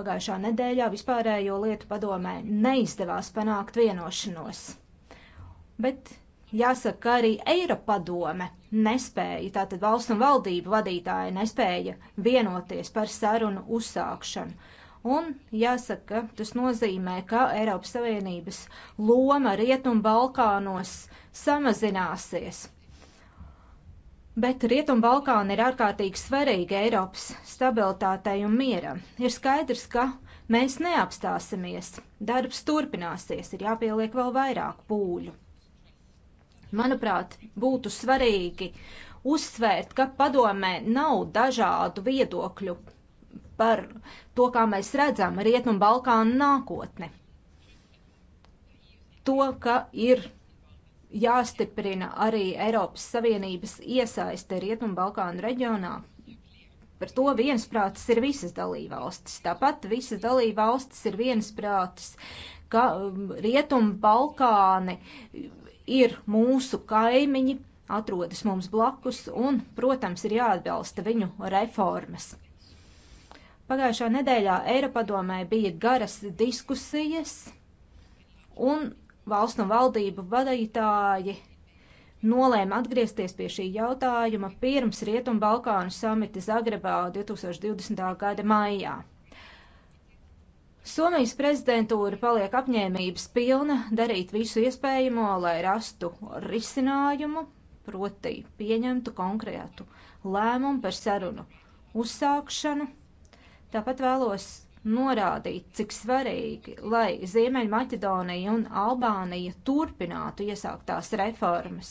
pagājušā nedēļā vispārējo lietu padomē neizdevās panākt vienošanos. Bet jāsaka, ka arī Eiropadome nespēja, tātad valsts un valdību vadītāji nespēja vienoties par sarunu uzsākšanu. Un jāsaka, tas nozīmē, ka Eiropas Savienības loma Rietumbalkānos samazināsies. Bet Rietumbalkāna ir ārkārtīgi svarīga Eiropas stabilitātei un mieram. Ir skaidrs, ka mēs neapstāsimies. Darbs turpināsies, ir jāpieliek vēl vairāk pūļu. Manuprāt, būtu svarīgi uzsvērt, ka padomē nav dažādu viedokļu par to, kā mēs redzam Rietumbalkānu nākotni. To, ka ir jāstiprina arī Eiropas Savienības iesaiste Rietumbalkānu reģionā. Par to viensprātis ir visas dalībvalstis. Tāpat visas dalībvalstis ir viensprātis, ka um, Rietumbalkāni ir mūsu kaimiņi, atrodas mums blakus un, protams, ir jāatbalsta viņu reformas. Pagājušā nedēļā Eiropadomē bija garas diskusijas, un valsts un valdību vadītāji nolēma atgriezties pie šī jautājuma pirms Rietumbalkānu samita Zagrebā 2020. gada maijā. Somijas prezidentūra paliek apņēmības pilna darīt visu iespējamo, lai rastu risinājumu, proti pieņemtu konkrētu lēmumu par sarunu uzsākšanu. Tāpat vēlos norādīt, cik svarīgi, lai Ziemeļmaķedonija un Albānija turpinātu iesāktās reformas.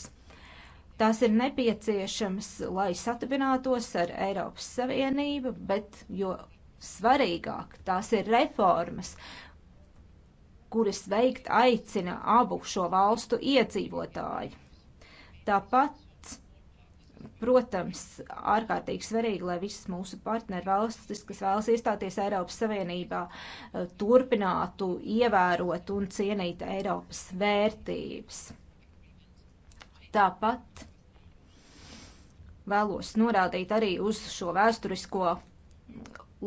Tās ir nepieciešamas, lai satapinātos ar Eiropas Savienību, bet jo svarīgāk tās ir reformas, kuras veikt aicina abu šo valstu iedzīvotāji. Tāpat Protams, ārkārtīgi svarīgi, lai visas mūsu partneru valstis, kas vēlas iestāties Eiropas Savienībā, eh, turpinātu ievērot un cienīt Eiropas vērtības. Tāpat vēlos norādīt arī uz šo vēsturisko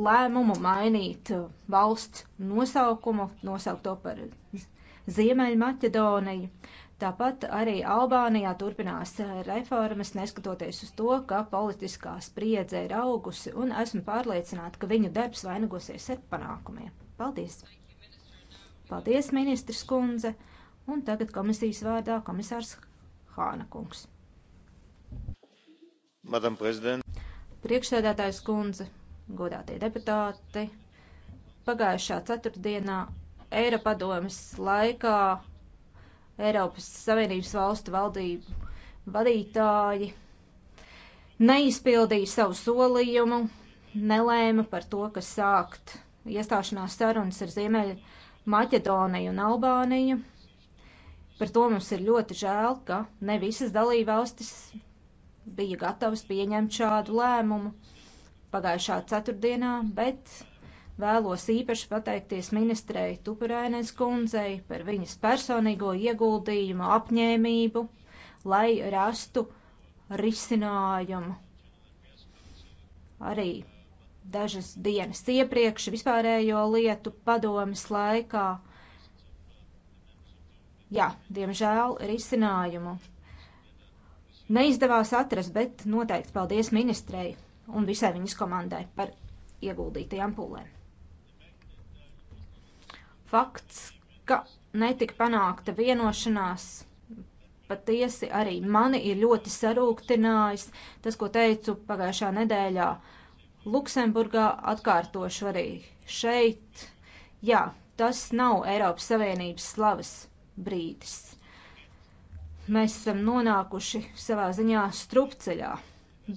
lēmumu mainīt valsts nosaukumu, nosaukt to par Ziemeļmaķedoniju. Tāpat arī Albānijā turpinās eh, reformas, neskatoties uz to, ka politiskā spriedze ir augusi, un esmu pārliecināta, ka viņu darbs vainagosies ar panākumiem. Paldies! Paldies, ministrs kundze! Un tagad komisijas vārdā komisārs Hāna kungs. Madam prezident. Priekšsēdētājs kundze, godātie deputāti, pagājušā ceturtdienā Eiropadomes laikā Eiropas Savienības valstu valdību vadītāji neizpildīja savu solījumu, nelēma par to, kas sākt iestāšanās sarunas ar Ziemeļu Maķedoniju un Albāniju. Par to mums ir ļoti žēl, ka ne visas dalībvalstis bija gatavas pieņemt šādu lēmumu pagājušā ceturtdienā, bet Vēlos īpaši pateikties ministrei Tupurēnes kundzei par viņas personīgo ieguldījumu, apņēmību, lai rastu risinājumu. Arī dažas dienas iepriekš vispārējo lietu padomas laikā. Jā, diemžēl risinājumu neizdevās atrast, bet noteikti paldies ministrei un visai viņas komandai par ieguldītajām pūlēm. Fakts, ka netika panākta vienošanās, patiesi arī mani ir ļoti sarūktinājis. Tas, ko teicu pagājušā nedēļā Luksemburgā, atkārtošu arī šeit. Jā, tas nav Eiropas Savienības slavas brīdis. Mēs esam nonākuši savā ziņā strupceļā,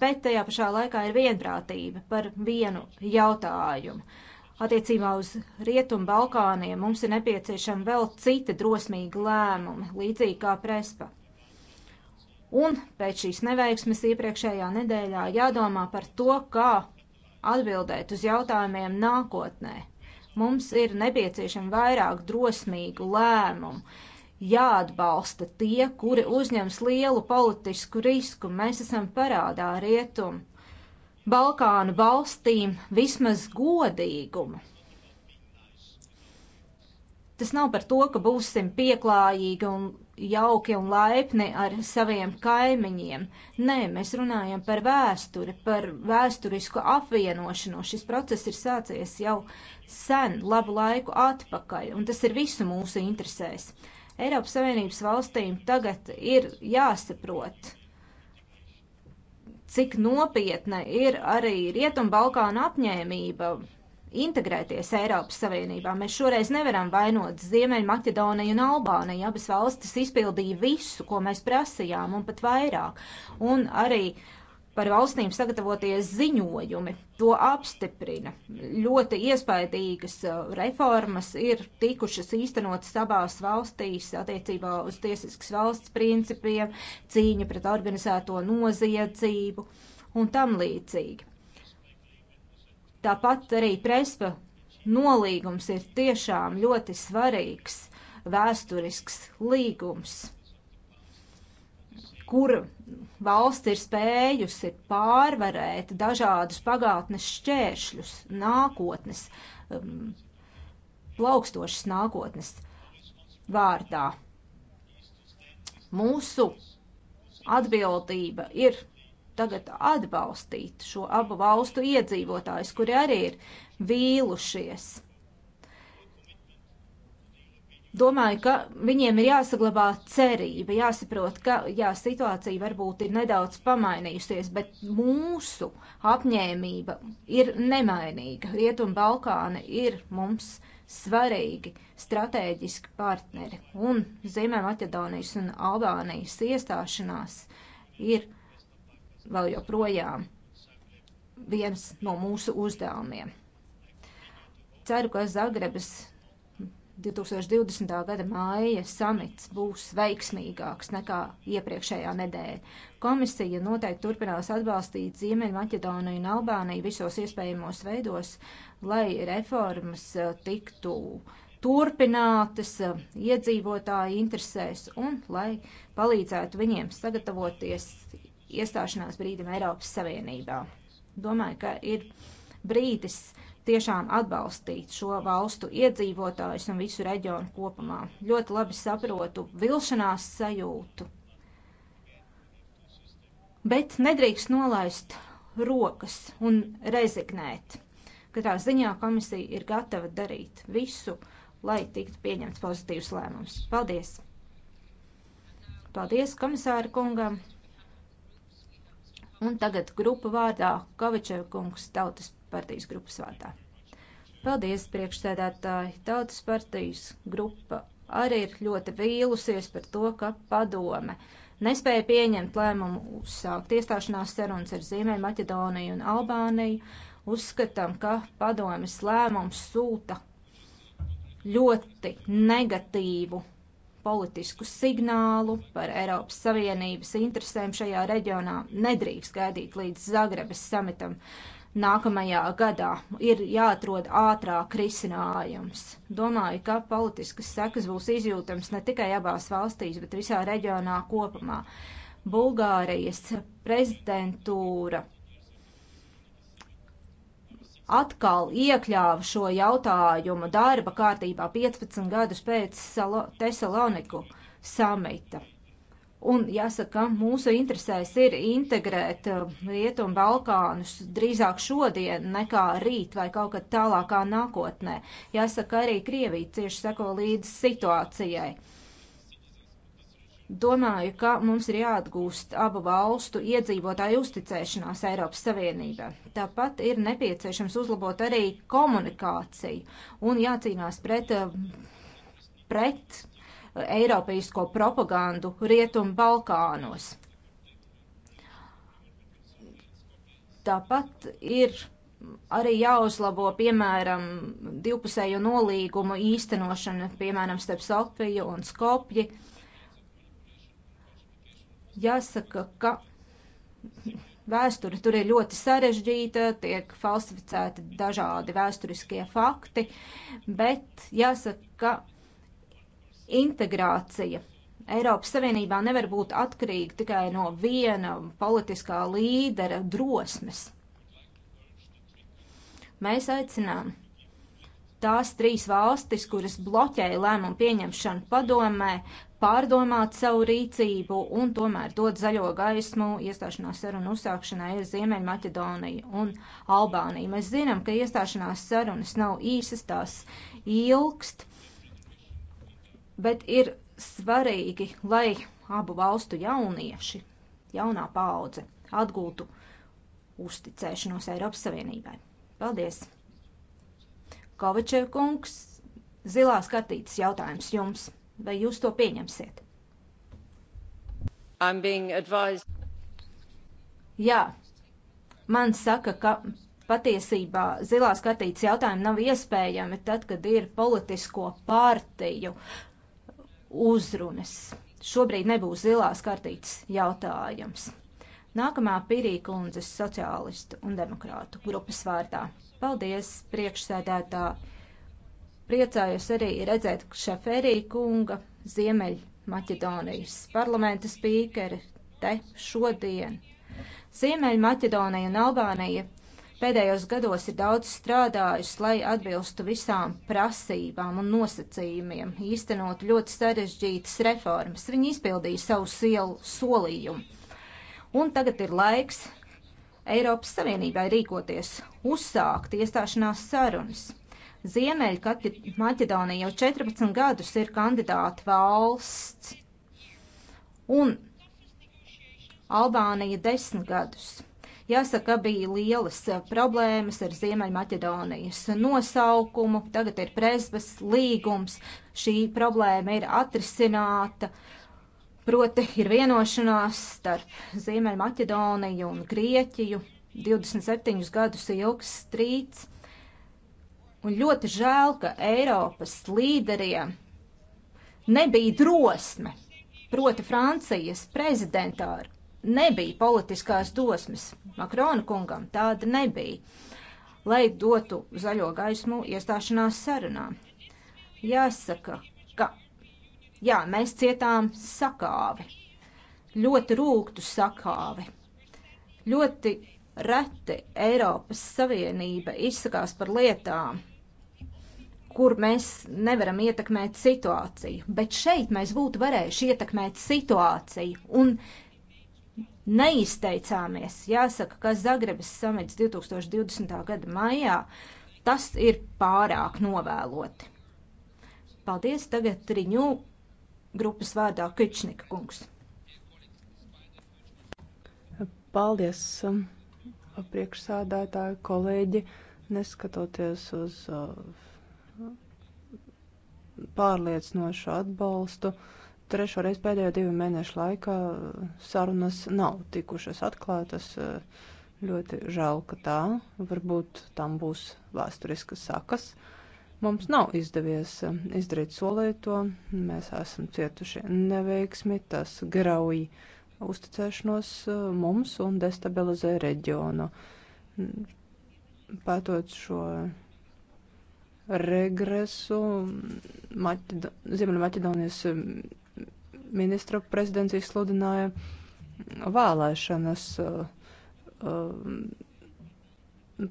bet tajā pašā laikā ir vienprātība par vienu jautājumu. Attiecībā uz Rietumu Balkāniem mums ir nepieciešama vēl cita drosmīga lēmuma, līdzīgi kā Prespa. Un pēc šīs neveiksmes iepriekšējā nedēļā jādomā par to, kā atbildēt uz jautājumiem nākotnē. Mums ir nepieciešama vairāk drosmīgu lēmumu. Jāatbalsta tie, kuri uzņems lielu politisku risku. Mēs esam parādā rietumu Balkānu valstīm vismaz godīgumu. Tas nav par to, ka būsim pieklājīgi un jauki un laipni ar saviem kaimiņiem. Nē, mēs runājam par vēsturi, par vēsturisku apvienošanos. Šis process ir sācies jau sen, labu laiku atpakaļ, un tas ir visu mūsu interesēs. Eiropas Savienības valstīm tagad ir jāsaprot, cik nopietna ir arī Rietumbalkāna apņēmība integrēties Eiropas Savienībā. Mēs šoreiz nevaram vainot Ziemeļmaķedoniju un Albāniju. Abas valstis izpildīja visu, ko mēs prasījām, un pat vairāk. Un arī uh, par valstīm sagatavoties ziņojumi. To apstiprina. Ļoti iespaidīgas uh, reformas ir tikušas īstenotas abās valstīs attiecībā uz tiesiskas valsts principiem, cīņa pret organizēto noziedzību un tam līdzīgi. Tāpat arī prespa nolīgums ir tiešām ļoti svarīgs vēsturisks līgums kur valsts ir spējusi pārvarēt dažādus pagātnes šķēršļus, nākotnes, um, plaukstošas nākotnes vārdā. Mūsu atbildība ir tagad atbalstīt šo abu valstu iedzīvotājus, kuri arī ir vīlušies domāju, ka viņiem ir jāsaglabā cerība, jāsaprot, ka jā, situācija varbūt ir nedaudz pamainījusies, bet mūsu apņēmība ir nemainīga. Rietum Balkāni ir mums svarīgi strateģiski partneri, un Ziemeļmaķedonijas un Albānijas iestāšanās ir vēl joprojām viens no mūsu uzdevumiem. Ceru, ka Zagrebas 2020. gada māja samits būs veiksmīgāks nekā iepriekšējā nedēļa. Komisija noteikti turpinās atbalstīt Ziemeļmaķedoniju un Albāniju visos iespējamos veidos, lai reformas eh, tiktu turpinātas eh, iedzīvotāju interesēs un lai palīdzētu viņiem sagatavoties iestāšanās brīdim Eiropas Savienībā. Domāju, ka ir brīdis uh, tiešām atbalstīt šo valstu iedzīvotājus un visu reģionu kopumā. Ļoti labi saprotu vilšanās sajūtu. Bet nedrīkst nolaist rokas un rezignēt. Katrā ziņā komisija ir gatava darīt visu, lai tiktu pieņemts pozitīvs lēmums. Paldies! Paldies komisāra kungam! Un tagad grupu vārdā Kovačev kungs tautas partijas grupas vārdā. Paldies, priekšsēdētāji! Tautas partijas grupa arī ir ļoti vīlusies par to, ka padome nespēja pieņemt lēmumu uzsākt iestāšanās sarunas ar Zīmē Maķedoniju un Albāniju. Uzskatām, ka padomes lēmums sūta ļoti negatīvu politisku signālu par Eiropas Savienības interesēm šajā reģionā nedrīkst gaidīt līdz Zagrebes samitam nākamajā gadā ir jāatrod ātrāk risinājums. Domāju, ka politiskas sekas būs izjūtams ne tikai abās valstīs, bet visā reģionā kopumā. Bulgārijas prezidentūra atkal iekļāva šo jautājumu darba kārtībā 15 gadus pēc Tesaloniku samita. Un jāsaka, mūsu interesēs ir integrēt uh, Rietumu Balkānus drīzāk šodien nekā rīt vai kaut kad tālākā nākotnē. Jāsaka, arī Krievija cieši seko līdz situācijai. Domāju, ka mums ir jāatgūst abu valstu iedzīvotāju uzticēšanās Eiropas Savienībā. Tāpat ir nepieciešams uzlabot arī komunikāciju un jācīnās pret, uh, pret eiropeisko propagandu Rietumu Balkānos. Tāpat ir arī jāuzlabo, piemēram, divpusējo nolīgumu īstenošana, piemēram, starp Sofiju un Skopji. Jāsaka, ka vēsture tur ir ļoti sarežģīta, tiek falsificēti dažādi vēsturiskie fakti, bet jāsaka, ka integrācija. Eiropas Savienībā nevar būt atkarīga tikai no viena politiskā līdera drosmes. Mēs aicinām tās trīs valstis, kuras bloķēja lēmumu pieņemšanu padomē, pārdomāt savu rīcību un tomēr dot zaļo gaismu iestāšanās sarunu uzsākšanai ar Ziemeļmaķedoniju un Albāniju. Mēs zinām, ka iestāšanās sarunas nav īsas, tās ilgst bet ir svarīgi, lai abu valstu jaunieši, jaunā paudze, atgūtu uzticēšanos Eiropas Savienībai. Paldies! Kovačev kungs, zilās kartītes jautājums jums. Vai jūs to pieņemsiet? Jā, man saka, ka patiesībā zilās kartītes jautājumi nav iespējami tad, kad ir politisko partiju uzrunas. Šobrīd nebūs zilās kartītes jautājums. Nākamā pirīkundzes sociālistu un demokrātu grupas vārdā. Paldies, priekšsēdētā. Priecājos arī redzēt Šaferī kunga Ziemeļ Maķedonijas parlamenta spīkeri te šodien. Ziemeļ Maķedonija un Albānija pēdējos gados ir daudz strādājusi, lai atbilstu visām prasībām un nosacījumiem, īstenot ļoti sarežģītas reformas. Viņi izpildīja savu sielu solījumu. Un tagad ir laiks Eiropas Savienībai rīkoties, uzsākt iestāšanās sarunas. Ziemeļmaķedonija jau 14 gadus ir kandidāta valsts, un Albānija 10 gadus. Jāsaka, bija lielas eh, problēmas ar Ziemeļmaķedonijas nosaukumu, tagad ir prezbas līgums, šī problēma ir atrisināta. Proti ir vienošanās starp Ziemeļmaķedoniju un Grieķiju, 27 gadus ilgs strīds. Un ļoti žēl, ka Eiropas līderiem nebija drosme, proti Francijas prezidentā ar nebija politiskās dosmes. Makrona kungam tāda nebija, lai dotu zaļo gaismu iestāšanās sarunā. Jāsaka, ka jā, mēs cietām sakāvi, ļoti rūktu sakāvi, ļoti reti Eiropas Savienība izsakās par lietām, kur mēs nevaram ietekmēt situāciju, bet šeit mēs būtu varējuši ietekmēt situāciju, un neizteicāmies. Jāsaka, ka Zagrebas samits 2020. gada maijā tas ir pārāk novēloti. Paldies tagad Riņu grupas vārdā Kičnika kungs. Paldies, um, priekšsādātāji, kolēģi, neskatoties uz uh, pārliecinošu atbalstu. Uh, trešo reizi pēdējo divu mēnešu laikā uh, sarunas nav tikušas atklātas. Uh, ļoti žēl, ka tā. Varbūt tam būs vēsturiskas sakas. Mums nav izdevies uh, izdarīt solīto. Mēs esam cietuši neveiksmi. Tas grauj uzticēšanos mums un destabilizē reģionu. Mm, pētot šo regresu, Maķed Ziemeļa Maķedonijas mm, ministru prezidencija sludināja vēlēšanas uh, um,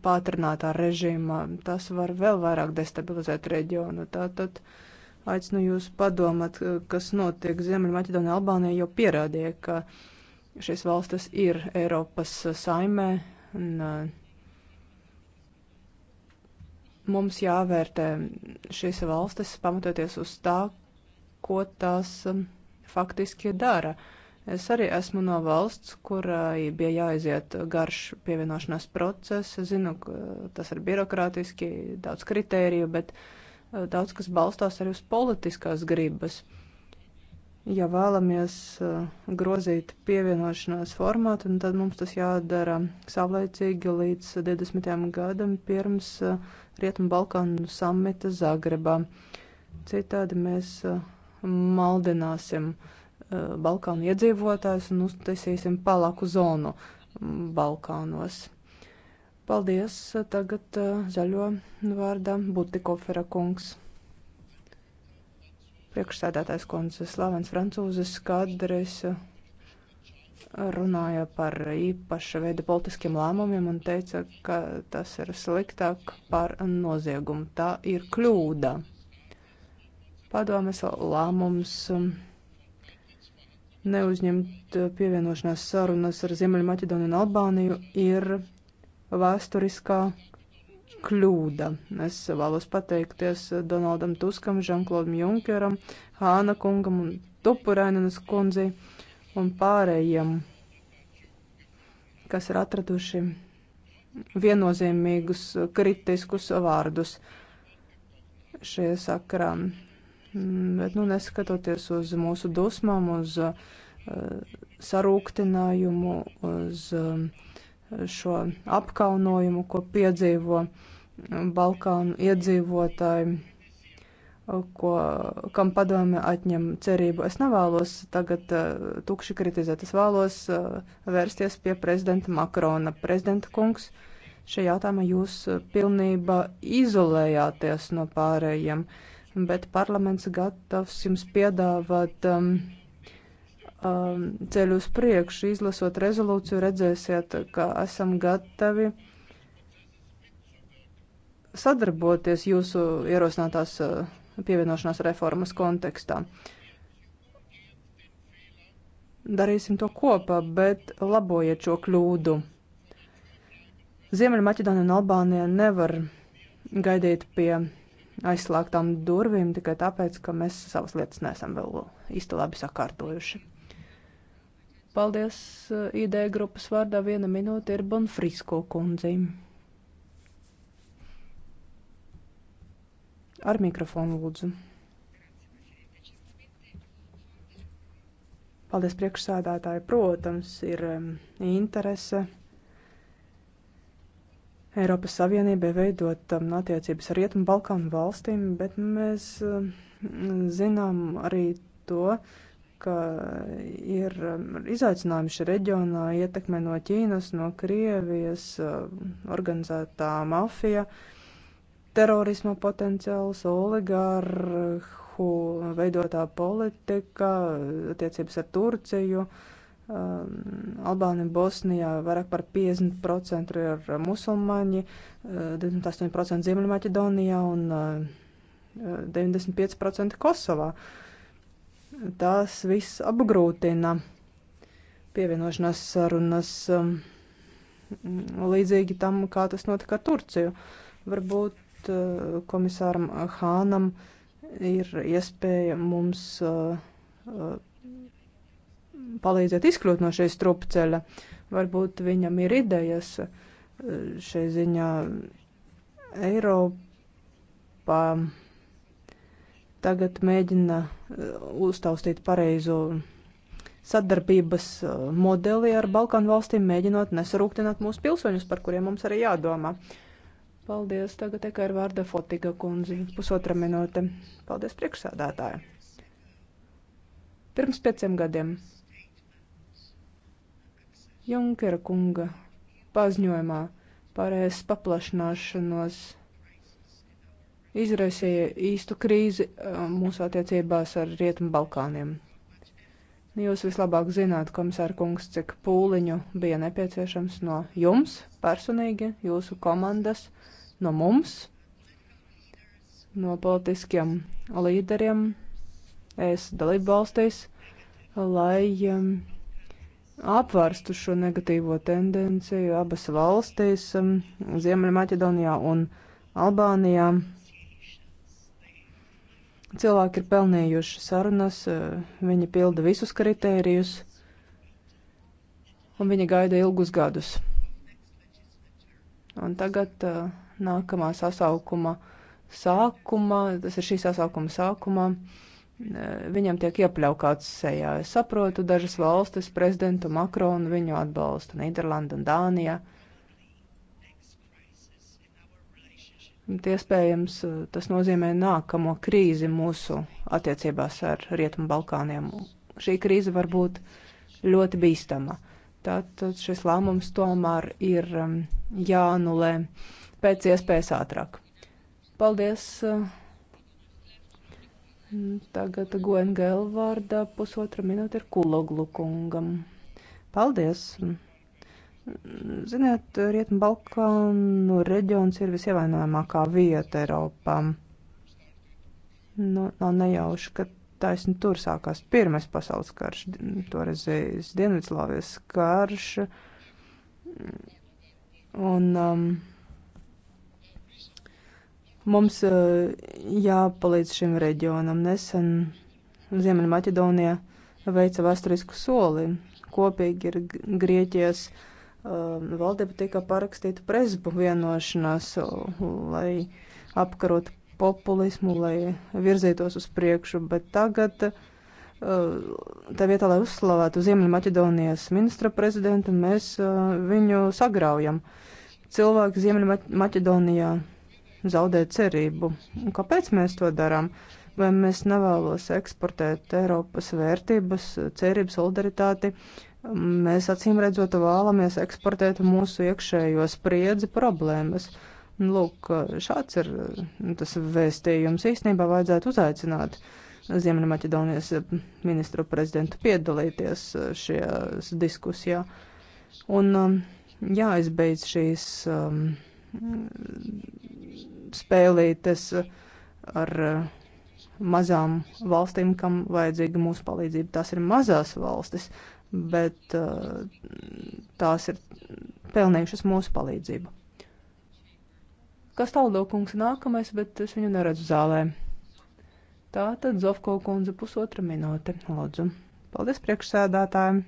pātrinātā režīmā. Tas var vēl vairāk destabilizēt reģionu. Tātad aicinu jūs padomāt, uh, kas notiek Ziemeļmaķedonijā, Albānijā, jo pierādīja, ka šīs valstis ir Eiropas saimē. Un, uh, mums jāvērtē šīs valstis pamatoties uz tā, ko tās um, faktiski dara. Es arī esmu no valsts, kurai bija jāaiziet garš pievienošanās process. Es zinu, ka tas ir birokrātiski, daudz kritēriju, bet eh, daudz kas balstās arī uz politiskās gribas. Ja vēlamies eh, grozīt pievienošanās formātu, nu, tad mums tas jādara savlaicīgi līdz 20. gadam pirms eh, Rietumu Balkānu samita Zagrebā. Citādi mēs maldināsim eh, Balkānu iedzīvotājus un uztaisīsim palāku zonu Balkānos. Paldies, eh, tagad eh, zaļo vārdā Butikofera kungs. Priekšsēdētājs kundze Slavens Francūzes kādreiz runāja par īpaša veida politiskiem lēmumiem un teica, ka tas ir sliktāk par noziegumu. Tā ir kļūda padomes lēmums um, neuzņemt uh, pievienošanās sarunas ar Ziemeļmaķedoniju un Albāniju ir vēsturiskā kļūda. Es vēlos pateikties uh, Donaldam Tuskam, Žanklodam Junkeram, Hāna kungam un Tupurēnenes kundzei un pārējiem, kas ir atraduši viennozīmīgus kritiskus vārdus šajā sakrā. Mm, bet, nu, neskatoties uz mūsu dusmām, uz uh, sarūktinājumu, uz uh, šo apkaunojumu, ko piedzīvo mm, Balkānu iedzīvotāji, uh, ko, kam padome atņem cerību. Es nevēlos tagad uh, tukši kritizēt, es vēlos uh, vērsties pie prezidenta Makrona. Prezidenta kungs, šajā jautājumā jūs pilnībā izolējāties no pārējiem. Uh, bet parlaments gatavs jums piedāvāt um, um, ceļu uz priekšu. Izlasot rezolūciju, redzēsiet, ka esam gatavi sadarboties jūsu ierosinātās uh, pievienošanās reformas kontekstā. Darīsim to kopā, bet labojiet šo kļūdu. Ziemeļmaķedonija un Albānija nevar gaidīt pie aizslēgtām durvīm tikai tāpēc, ka mēs savas lietas neesam vēl īsti labi sakārtojuši. Paldies eh, ID grupas vārdā viena minūte ir Bonfrisko kundzei. Ar mikrofonu lūdzu. Paldies priekšsādātāji. Protams, ir eh, interese. Um, Eiropas Savienībai veidot um, attiecības ar Rietumu Balkānu valstīm, bet mēs um, zinām arī to, ka ir um, izaicinājumi šajā reģionā ietekme no Ķīnas, no Krievijas, um, organizētā mafija, terorisma potenciāls, oligārhu veidotā politika, attiecības ar Turciju. Um, Um, Albānija, Bosnijā vairāk par 50% ir musulmaņi, 28% uh, Ziemeļmaķedonijā un 95% uh, uh, Kosovā. Tas viss apgrūtina pievienošanās sarunas um, līdzīgi tam, kā tas notika ar Turciju. Varbūt komisāram Hānam ir iespēja mums palīdzēt izkļūt no šīs strupceļa. Varbūt viņam ir idejas e, šai ziņā Eiropā tagad mēģina e, uztaustīt pareizo sadarbības e, modeli ar Balkanu valstīm, mēģinot nesarūktināt mūsu pilsoņus, par kuriem mums arī jādomā. Paldies, tagad tikai ar vārda Fotiga kundzi, pusotra minūte. Paldies priekšsādātāja. Pirms pieciem gadiem Junkera kunga paziņojumā par ES paplašināšanos izraisīja īstu krīzi uh, mūsu attiecībās ar Rietumu Balkāniem. Jūs vislabāk zināt, komisāra kungs, cik pūliņu bija nepieciešams no jums personīgi, jūsu komandas, no mums, no politiskiem līderiem, es dalību valstīs, lai um, apvērstu šo negatīvo tendenciju abas valstīs, um, Ziemeļmaķedonijā un Albānijā. Cilvēki ir pelnījuši sarunas, uh, viņi pilda visus kritērijus, un viņi gaida ilgus gadus. Un tagad uh, nākamā sasaukuma sākumā, tas ir šī sasaukuma sākumā, uh, viņam tiek iepļaukāts sejā. Es saprotu dažas valstis, prezidentu Makronu viņu atbalsta, Nīderlanda un Dānija. Iespējams, tas nozīmē nākamo krīzi mūsu attiecībās ar Rietumu Balkāniem. Šī krīze var būt ļoti bīstama. Tātad šis lēmums tomēr ir um, jāanulē pēc iespējas ātrāk. Paldies! Uh, Tagad Goengel vārdā pusotra minūte ir Kuloglu kungam. Paldies! Ziniet, Rietumu Balkānu reģions ir visievainojamākā vieta Eiropā. Nu, nav nejauši, ka taisni tur sākās pirmais pasaules karš, toreizējais Dienvidslāvijas karš. Un, um, Mums eh, jāpalīdz šim reģionam. Nesen Ziemeļmaķedonija veica vēsturisku soli. Kopīgi ir Grieķijas eh, valdība tika parakstīta prezbu vienošanās, lai apkarot populismu, lai virzītos uz priekšu, bet tagad eh, tā vietā, lai uzslavētu Ziemeļmaķedonijas ministra prezidentu, mēs viņu sagraujam. Cilvēki Ziemeļmaķedonijā. Ma zaudēt cerību. Un kāpēc mēs to darām? Vai mēs nevēlos eksportēt Eiropas vērtības, cerību, solidaritāti? Mēs acīm redzot vēlamies eksportēt mūsu iekšējo spriedzi problēmas. Lūk, šāds ir tas vēstījums. Īstenībā vajadzētu uzaicināt Ziemeļmaķedonijas ministru prezidentu piedalīties šajās diskusijā. Un um, jāizbeidz šīs um, spēlītes ar eh, mazām valstīm, kam vajadzīga mūsu palīdzība. Tās ir mazās valstis, bet eh, tās ir pelnījušas mūsu palīdzību. Kas taldokungs nākamais, bet es viņu neredzu zālē. Tātad Zofko kundze pusotra minūte, lūdzu. Paldies priekšsēdātājiem!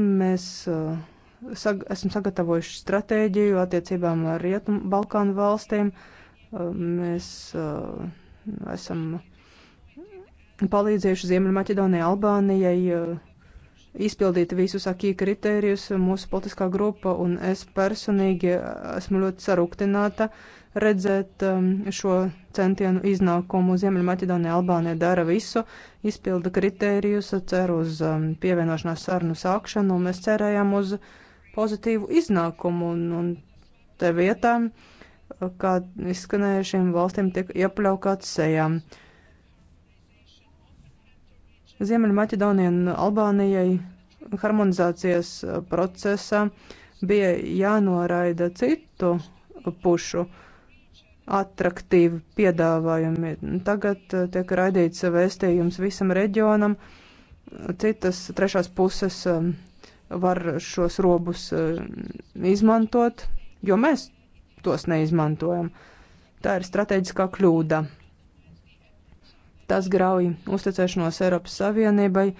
Mēs uh, sag esam sagatavojuši stratēģiju attiecībām ar Rietumu Balkānu valstīm. Uh, mēs uh, esam palīdzējuši Ziemeļmaķedonijai, Albānijai izpildīt visus akī kritērijus. Mūsu politiskā grupa un es personīgi esmu ļoti sarūktināta. Uh, redzēt um, šo centienu iznākumu. Ziemeļmaķedonija, Albānija dara visu, izpilda kritērijus, cer uz um, pievienošanās sarunu sākšanu, un mēs cerējām uz pozitīvu iznākumu. Un, un te vietā, kā izskanēja, šīm valstīm tiek iepļaukāts sejām. Ziemeļmaķedonija un Albānijai harmonizācijas procesā bija jānoraida citu pušu uh, atraktīvi piedāvājumi. Tagad eh, tiek raidīts vēstījums visam reģionam. Citas trešās puses eh, var šos robus eh, izmantot, jo mēs tos neizmantojam. Tā ir strateģiskā kļūda. Tas grauj uzticēšanos Eiropas Savienībai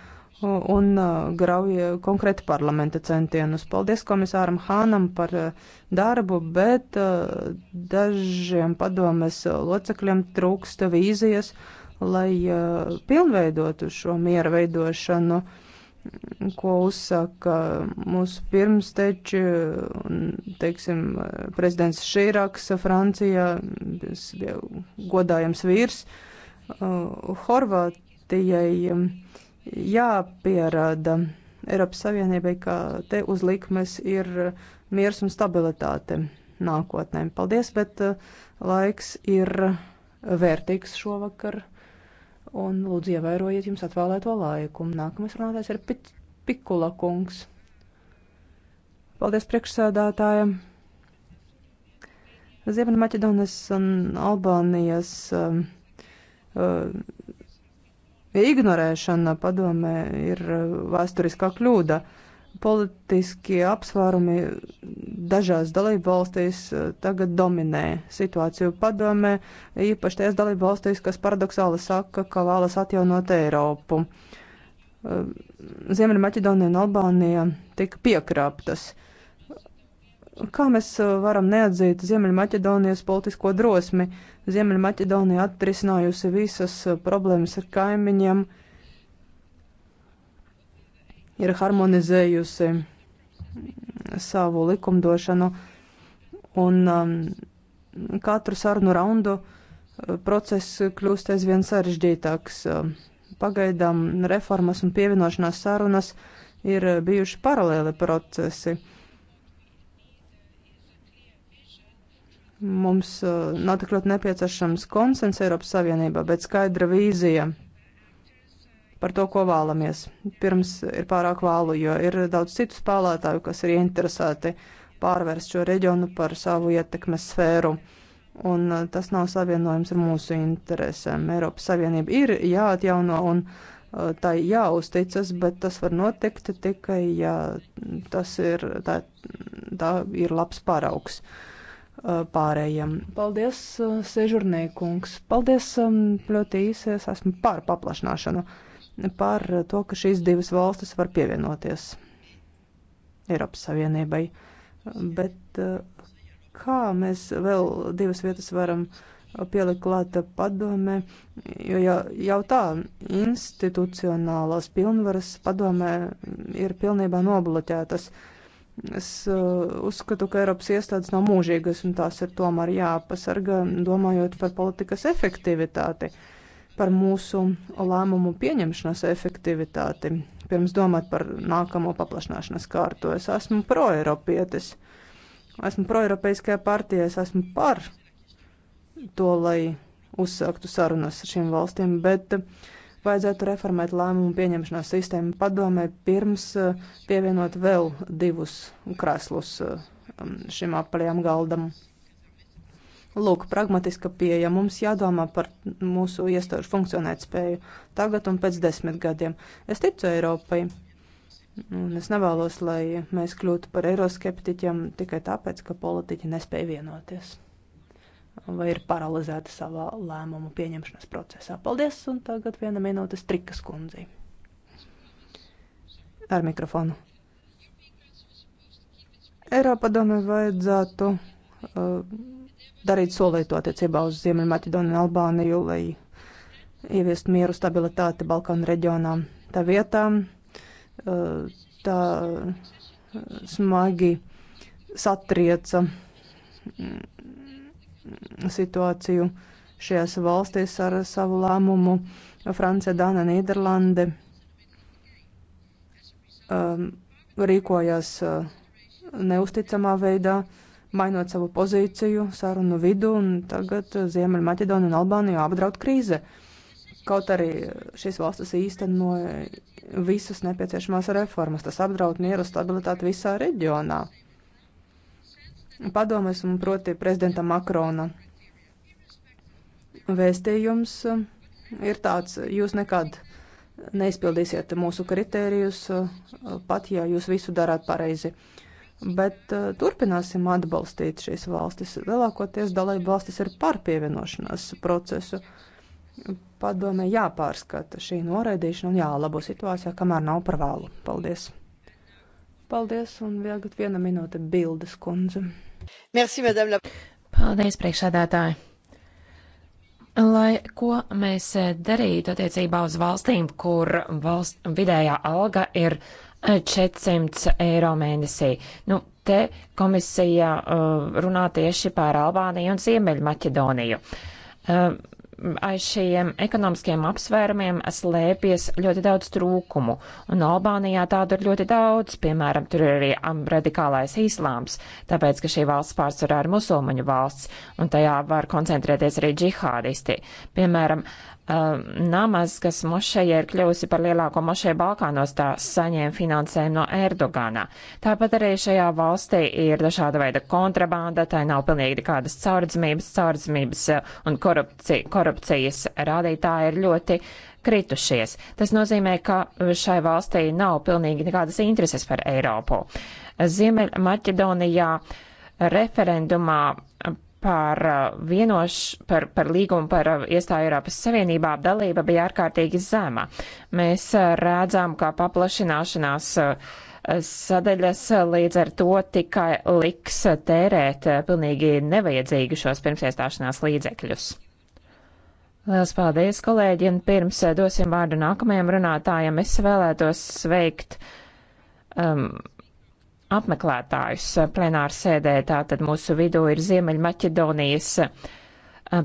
un uh, grauja konkrēti parlamenta centienus. Paldies komisāram Hānam par uh, darbu, bet uh, dažiem padomes locekļiem trūksta vīzijas, lai pilnveidotu šo miera veidošanu, ko uzsaka mūsu pirmsteči, teiksim, prezidents Šīraks Francijā, godājams vīrs, Horvātijai um, jāpierāda Eiropas Savienībai, ka te uz likmes ir miers un stabilitāte nākotnē. Paldies, bet uh, laiks ir vērtīgs šovakar. Un lūdzu, ievērojiet jums atvēlēto laiku. Nākamais runātājs ir Pit Pikula kungs. Paldies priekšsēdētājiem. Ziemeņa Maķedonas un Albānijas uh, uh, Ignorēšana padomē ir e, vēsturiskā kļūda. Politiskie apsvērumi dažās dalību valstīs e, tagad dominē situāciju padomē, īpaši tajās dalību valstīs, kas paradoxāli saka, ka vēlas atjaunot Eiropu. E, Ziemeļa Maķedonija un Albānija tika piekrāptas. Uh, Kā mēs uh, varam neatzīt Ziemeļmaķedonijas politisko drosmi? Ziemeļmaķedonija atrisinājusi visas uh, problēmas ar kaimiņiem, ir harmonizējusi mm, savu likumdošanu un um, katru sarunu raundu uh, process kļūst aizvien sarežģītāks. Pagaidām reformas un pievienošanās sarunas ir bijuši paralēli procesi. Uh, Mums uh, nav tik ļoti nepieciešams konsens Eiropas Savienībā, bet skaidra vīzija par to, ko vēlamies. Pirms ir pārāk vālu, jo ir daudz citu spēlētāju, kas ir ieinteresēti pārvērst šo reģionu par savu ietekmes sfēru. Un uh, tas nav savienojums ar mūsu interesēm. Eiropas Savienība ir jāatjauno un uh, tai jāuzticas, bet tas var notikt tikai, ja tas ir, tā, tā ir labs paraugs. Uh, Uh, pārējiem. Paldies, uh, Sežurnīkungs. Paldies um, ļoti īsi, es esmu par paplašināšanu, par to, ka šīs divas valstis var pievienoties Eiropas Savienībai. Bet uh, kā mēs vēl divas vietas varam pielikt klāta padomē, jo jau, jau tā institucionālās pilnvaras padomē ir pilnībā nobloķētas. Uh, Es uh, uzskatu, ka Eiropas iestādes nav mūžīgas un tās ir tomēr jāpasarga, domājot par politikas efektivitāti, par mūsu lēmumu pieņemšanas efektivitāti. Pirms domāt par nākamo paplašināšanas kārtu, es esmu proeiropietis. Esmu proeiropeiskajā partijā, es esmu par to, lai uzsāktu sarunas ar šīm valstīm, bet uh, Vajadzētu reformēt lēmumu pieņemšanas sistēmu padomē pirms eh, pievienot vēl divus krēslus eh, um, šim apaļajam galdam. Lūk, pragmatiska pieeja. Mums jādomā par mūsu iestāžu funkcionētspēju tagad un pēc desmit gadiem. Es ticu Eiropai, un es nevēlos, lai mēs kļūtu par eiroskeptiķiem tikai tāpēc, ka politiķi nespēja vienoties vai ir paralizēti savā lēmumu pieņemšanas procesā. Paldies, un tagad viena minūte strikas kundzei. Ar mikrofonu. Eiropa domē vajadzētu uh, darīt solīto attiecībā uz Ziemeļmaķedoniju un Albāniju, lai ieviest mieru stabilitāti Balkānu reģionā. Tā vietā uh, tā smagi satrieca mm, situāciju šajās valstīs ar savu lēmumu. Francija, Dāna, Nīderlande um, rīkojās uh, neusticamā veidā, mainot savu pozīciju, sarunu vidu, un tagad Ziemeļmaķedonija un Albānija apdraud krīze. Kaut arī šīs valstis īsteno visas nepieciešamās reformas, tas apdraud mieru stabilitāti visā reģionā padomes un proti prezidenta Makrona vēstījums uh, ir tāds, jūs nekad neizpildīsiet mūsu kritērijus, uh, pat ja jūs visu darāt pareizi. Bet uh, turpināsim atbalstīt šīs valstis. Lielākoties dalība valstis ir par pievienošanās procesu. Padomē jāpārskata šī noraidīšana un jālabo situācijā, kamēr nav par vēlu. Paldies! Paldies, un vēl viena minūte bildes kundze. Merci, madame. Paldies, priekšsēdētāji. Lai ko mēs darītu attiecībā uz valstīm, kur valst, vidējā alga ir 400 eh, eiro mēnesī. Nu, te komisija uh, runā tieši par Albāniju un Ziemeļmaķedoniju. Uh, aiz šiem ekonomiskiem apsvērumiem slēpjas ļoti daudz trūkumu, un Albānijā tādu ir ļoti daudz, piemēram, tur ir arī radikālais islāms, tāpēc, ka šī valsts pārsvarā ir musulmaņu valsts, un tajā var koncentrēties arī džihādisti. Piemēram, Um, namaz, kas mošeja ir kļuvusi par lielāko mošeju Balkānos, tā saņēma finansējumu no Erdogana. Tāpat arī šajā valstī ir dažāda veida kontrabanda, tā nav pilnīgi nekādas caurdzmības, caurdzmības uh, un korupci, korupcijas rādītāji ir ļoti kritušies. Tas nozīmē, ka šai valstī nav pilnīgi nekādas intereses par Eiropu. Ziemeļ Maķedonijā referendumā par uh, vienoš, par, par līgumu par uh, iestāju Eiropas Savienībā dalība bija ārkārtīgi zema. Mēs uh, redzam, ka paplašināšanās sadaļas līdz ar to tikai liks tērēt pilnīgi nevajadzīgi šos pirmsiestāšanās līdzekļus. Lielas paldies, kolēģi, un pirms dosim vārdu nākamajam runātājam, es vēlētos sveikt um, apmeklētājus plenāru sēdē. Tātad mūsu vidū ir Ziemeļmaķedonijas eh,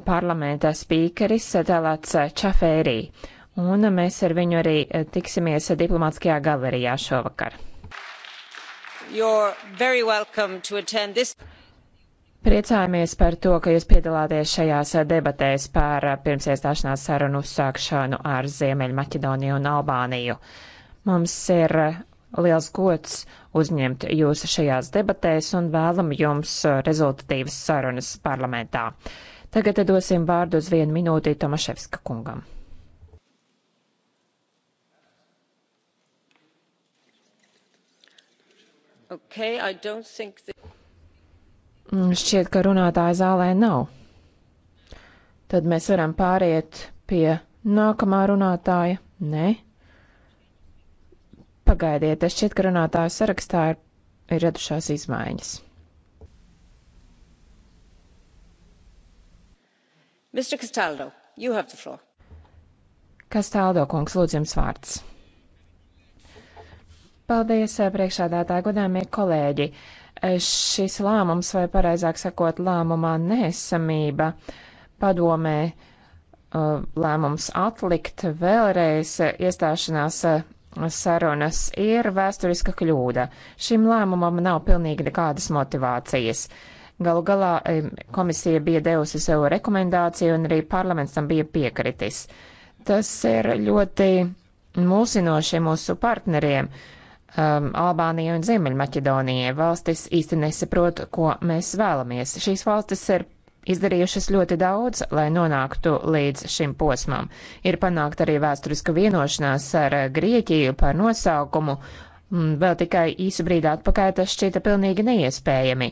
parlamenta spīkeris Telats Čafērī. Un mēs ar viņu arī eh, tiksimies diplomātskajā galerijā šovakar. Priecājamies par to, ka jūs piedalāties šajās debatēs par eh, pirmsiestāšanās sarunu uzsākšanu ar Ziemeļmaķedoniju un Albāniju. Mums ir liels gods uzņemt jūs šajās debatēs un vēlam jums uh, rezultatīvas sarunas parlamentā. Tagad dosim vārdu uz vienu minūti Tomaševska kungam. Okay, that... Mm, šķiet, ka runātāja zālē nav. Tad mēs varam pāriet pie nākamā runātāja. Nē. Pagaidiet, es šķiet, ka runātāju sarakstā ir, ir radušās izmaiņas. Mr. Castaldo, you have the floor. Kastāldo kungs, lūdzu jums vārds. Paldies, eh, priekšādātāji, godāmie kolēģi. Eh, šis lēmums, vai pareizāk sakot, lēmumā nesamība padomē eh, lēmums atlikt vēlreiz iestāšanās sarunas ir vēsturiska kļūda. Šim lēmumam nav pilnīgi nekādas motivācijas. Galu galā komisija bija devusi sev rekomendāciju un arī parlaments tam bija piekritis. Tas ir ļoti mulsinoši mūsu partneriem, um, Albānijai un Ziemeļmaķedonijai. Valstis īsti nesaprot, ko mēs vēlamies. Šīs valstis ir izdarījušas ļoti daudz, lai nonāktu līdz šim posmam. Ir panākt arī vēsturiska vienošanās ar Grieķiju par nosaukumu, mm, vēl tikai īsu brīdi atpakaļ tas šķita pilnīgi neiespējami.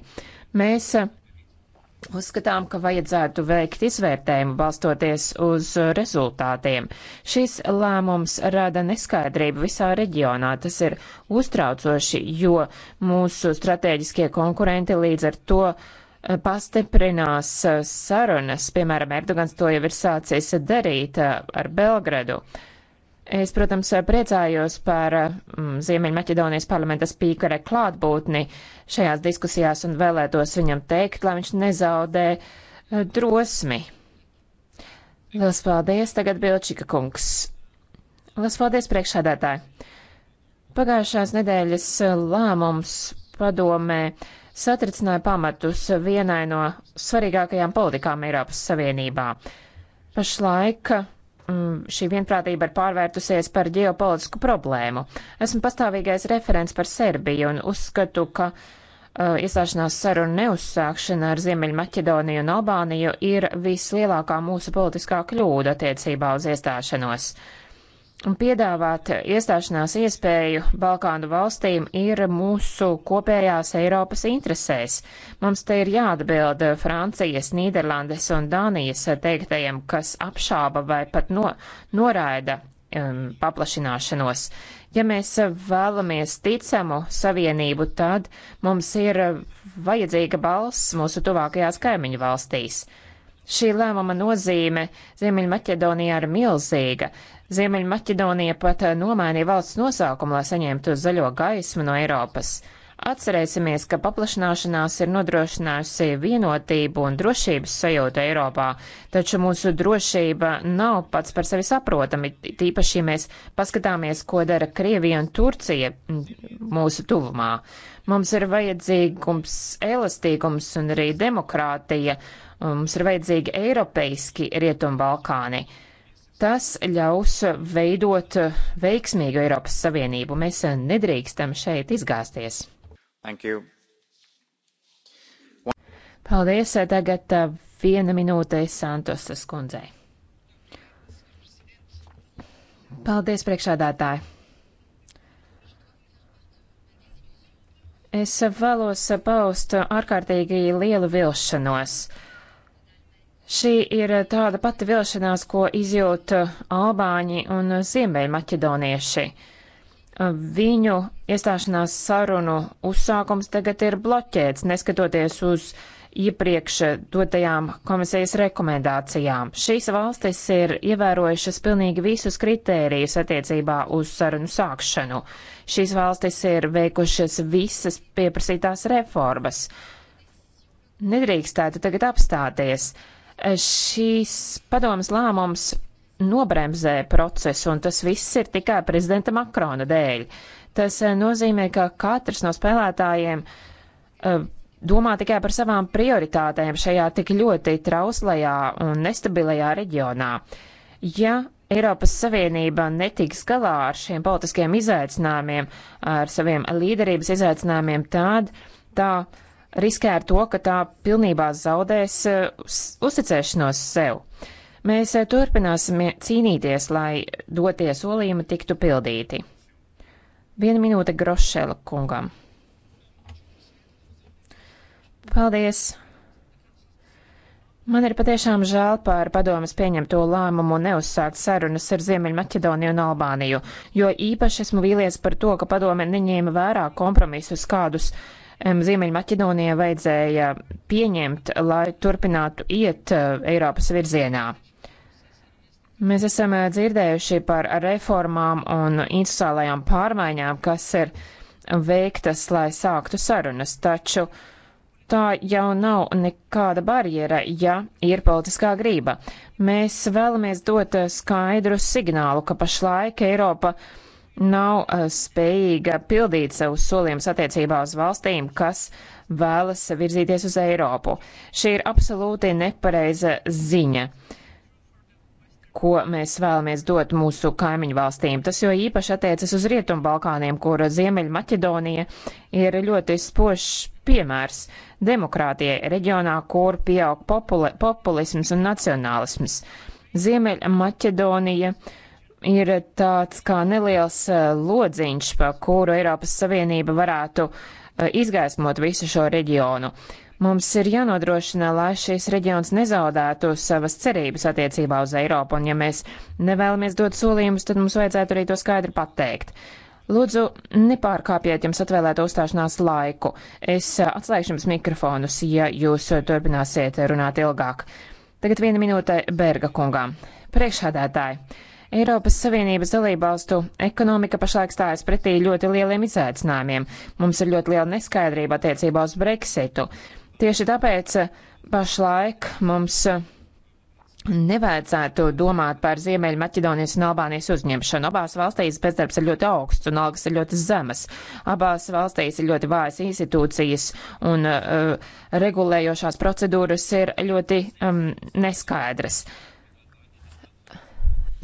Mēs eh, Uzskatām, ka vajadzētu veikt izvērtējumu balstoties uz rezultātiem. Šis lēmums rada neskaidrību visā reģionā. Tas ir uztraucoši, jo mūsu strateģiskie konkurenti līdz ar to uh, pastiprinās uh, sarunas, piemēram, Erdogans to jau ir sācis darīt uh, ar Belgradu. Es, protams, priecājos par uh, mm, Ziemeļmaķedonijas parlamenta spīkara klātbūtni šajās diskusijās un vēlētos viņam teikt, lai viņš nezaudē drosmi. Lielas paldies, tagad Bilčika kungs. Lielas paldies, priekšādātāji. Pagājušās nedēļas lēmums padomē satricināja pamatus vienai no svarīgākajām politikām Eiropas Savienībā. Pašlaik mm, šī vienprātība ir pārvērtusies par ģeopolitisku problēmu. Esmu pastāvīgais referents par Serbiju un uzskatu, ka uh, iestāšanās saruna neuzsākšana ar Ziemeļmaķedoniju un Albāniju ir vislielākā mūsu politiskā kļūda attiecībā uz iestāšanos. Uh, piedāvāt iestāšanās iespēju Balkānu valstīm ir mūsu kopējās Eiropas interesēs. Mums te ir jāatbild Francijas, Nīderlandes un Dānijas teiktajiem, kas apšāba vai pat no, noraida um, paplašināšanos. Ja mēs vēlamies ticamu savienību, tad mums ir vajadzīga balss mūsu tuvākajās kaimiņu valstīs. Šī lēmuma nozīme Ziemeļmaķedonijā ir milzīga. Ziemeļmaķedonija pat eh, nomainīja valsts nosaukumu, lai saņemtu zaļo gaismu no Eiropas. Atcerēsimies, ka paplašanāšanās ir nodrošinājusi vienotību un drošības sajūtu Eiropā, taču mūsu drošība nav pats par sevi saprotami, tīpaši, ja mēs paskatāmies, ko dara Krievija un Turcija mūsu tuvumā. Mums ir vajadzīgums elastīgums un arī demokrātija, un mums ir vajadzīgi eiropeiski Rietumbalkāni. Balkāni. Tas ļaus veidot veiksmīgu Eiropas Savienību. Mēs nedrīkstam šeit izgāzties. One... Paldies. Tagad uh, viena minūte Santosas kundzei. Paldies, priekšādātāji! Es vēlos paust ārkārtīgi lielu vilšanos. Uh, Šī ir tāda pati vilšanās, ko izjūt uh, albāņi un uh, ziemeļmaķedonieši. Uh, viņu iestāšanās sarunu uzsākums tagad ir bloķēts, neskatoties uz iepriekš dotajām komisijas rekomendācijām. Šīs valstis ir ievērojušas pilnīgi visus kritērijus attiecībā uz sarunu sākšanu. Šīs valstis ir veikušas visas pieprasītās reformas. Nedrīkstētu tagad apstāties. Šīs padomas lēmums nobremzē procesu, un tas viss ir tikai prezidenta Makrona dēļ. Tas eh, nozīmē, ka katrs no spēlētājiem eh, domā tikai par savām prioritātēm šajā tik ļoti trauslajā un nestabilajā reģionā. Ja Eiropas Savienība netiks galā ar šiem politiskiem izaicinājumiem, ar saviem līderības izaicinājumiem, tad tā riskē ar to, ka tā pilnībā zaudēs eh, uzticēšanos sev. Mēs eh, turpināsim cīnīties, lai dotie solījumi tiktu pildīti. Viena minūte Grošela kungam. Paldies! Man ir patiešām žēl par padomas pieņemto lēmumu neuzsākt sarunas ar Ziemeļmaķedoniju un Albāniju, jo īpaši esmu vīlies par to, ka padome neņēma vērā kompromisus, kādus Ziemeļmaķedonija vajadzēja pieņemt, lai turpinātu iet eh, Eiropas virzienā. Mēs esam eh, dzirdējuši par reformām un institucionālajām pārmaiņām, kas ir veiktas, lai sāktu sarunas, taču tā jau nav nekāda barjera, ja ir politiskā grība. Mēs vēlamies dot eh, skaidru signālu, ka pašlaik Eiropa uh, nav eh, spējīga pildīt savus solījumus attiecībā uz valstīm, kas vēlas virzīties uz Eiropu. Šī ir absolūti nepareiza ziņa ko mēs vēlamies dot mūsu kaimiņu valstīm. Tas jo īpaši attiecas uz Rietumbalkāniem, kur Ziemeļmaķedonija ir ļoti spošs piemērs demokrātijai reģionā, kur pieaug populi populisms un nacionālisms. Ziemeļmaķedonija uh, ir tāds kā neliels eh, lodziņš, pa kuru Eiropas Savienība varētu eh, izgaismot visu šo reģionu. Mums ir jānodrošina, lai šīs reģions nezaudētu savas cerības attiecībā uz Eiropu, un ja mēs nevēlamies dot solījumus, tad mums vajadzētu arī to skaidri pateikt. Lūdzu, nepārkāpiet jums atvēlēto uzstāšanās laiku. Es eh, atslēgšu jums mikrofonus, ja jūs turpināsiet runāt ilgāk. Tagad viena minūte Berga kungām. Priekšādētāji. Eiropas Savienības dalībvalstu ekonomika pašlaik stājas pretī ļoti lieliem izaicinājumiem. Mums ir ļoti liela neskaidrība attiecībā uz Brexitu. Tieši tāpēc eh, pašlaik mums eh, nevajadzētu domāt par Ziemeļa Maķedonijas un Albānijas uzņemšanu. Abās valstīs bezdarbs ir ļoti augsts un algas ir ļoti zemas. Abās valstīs ir ļoti vājas institūcijas un uh, regulējošās procedūras ir ļoti um, neskaidras. Uh,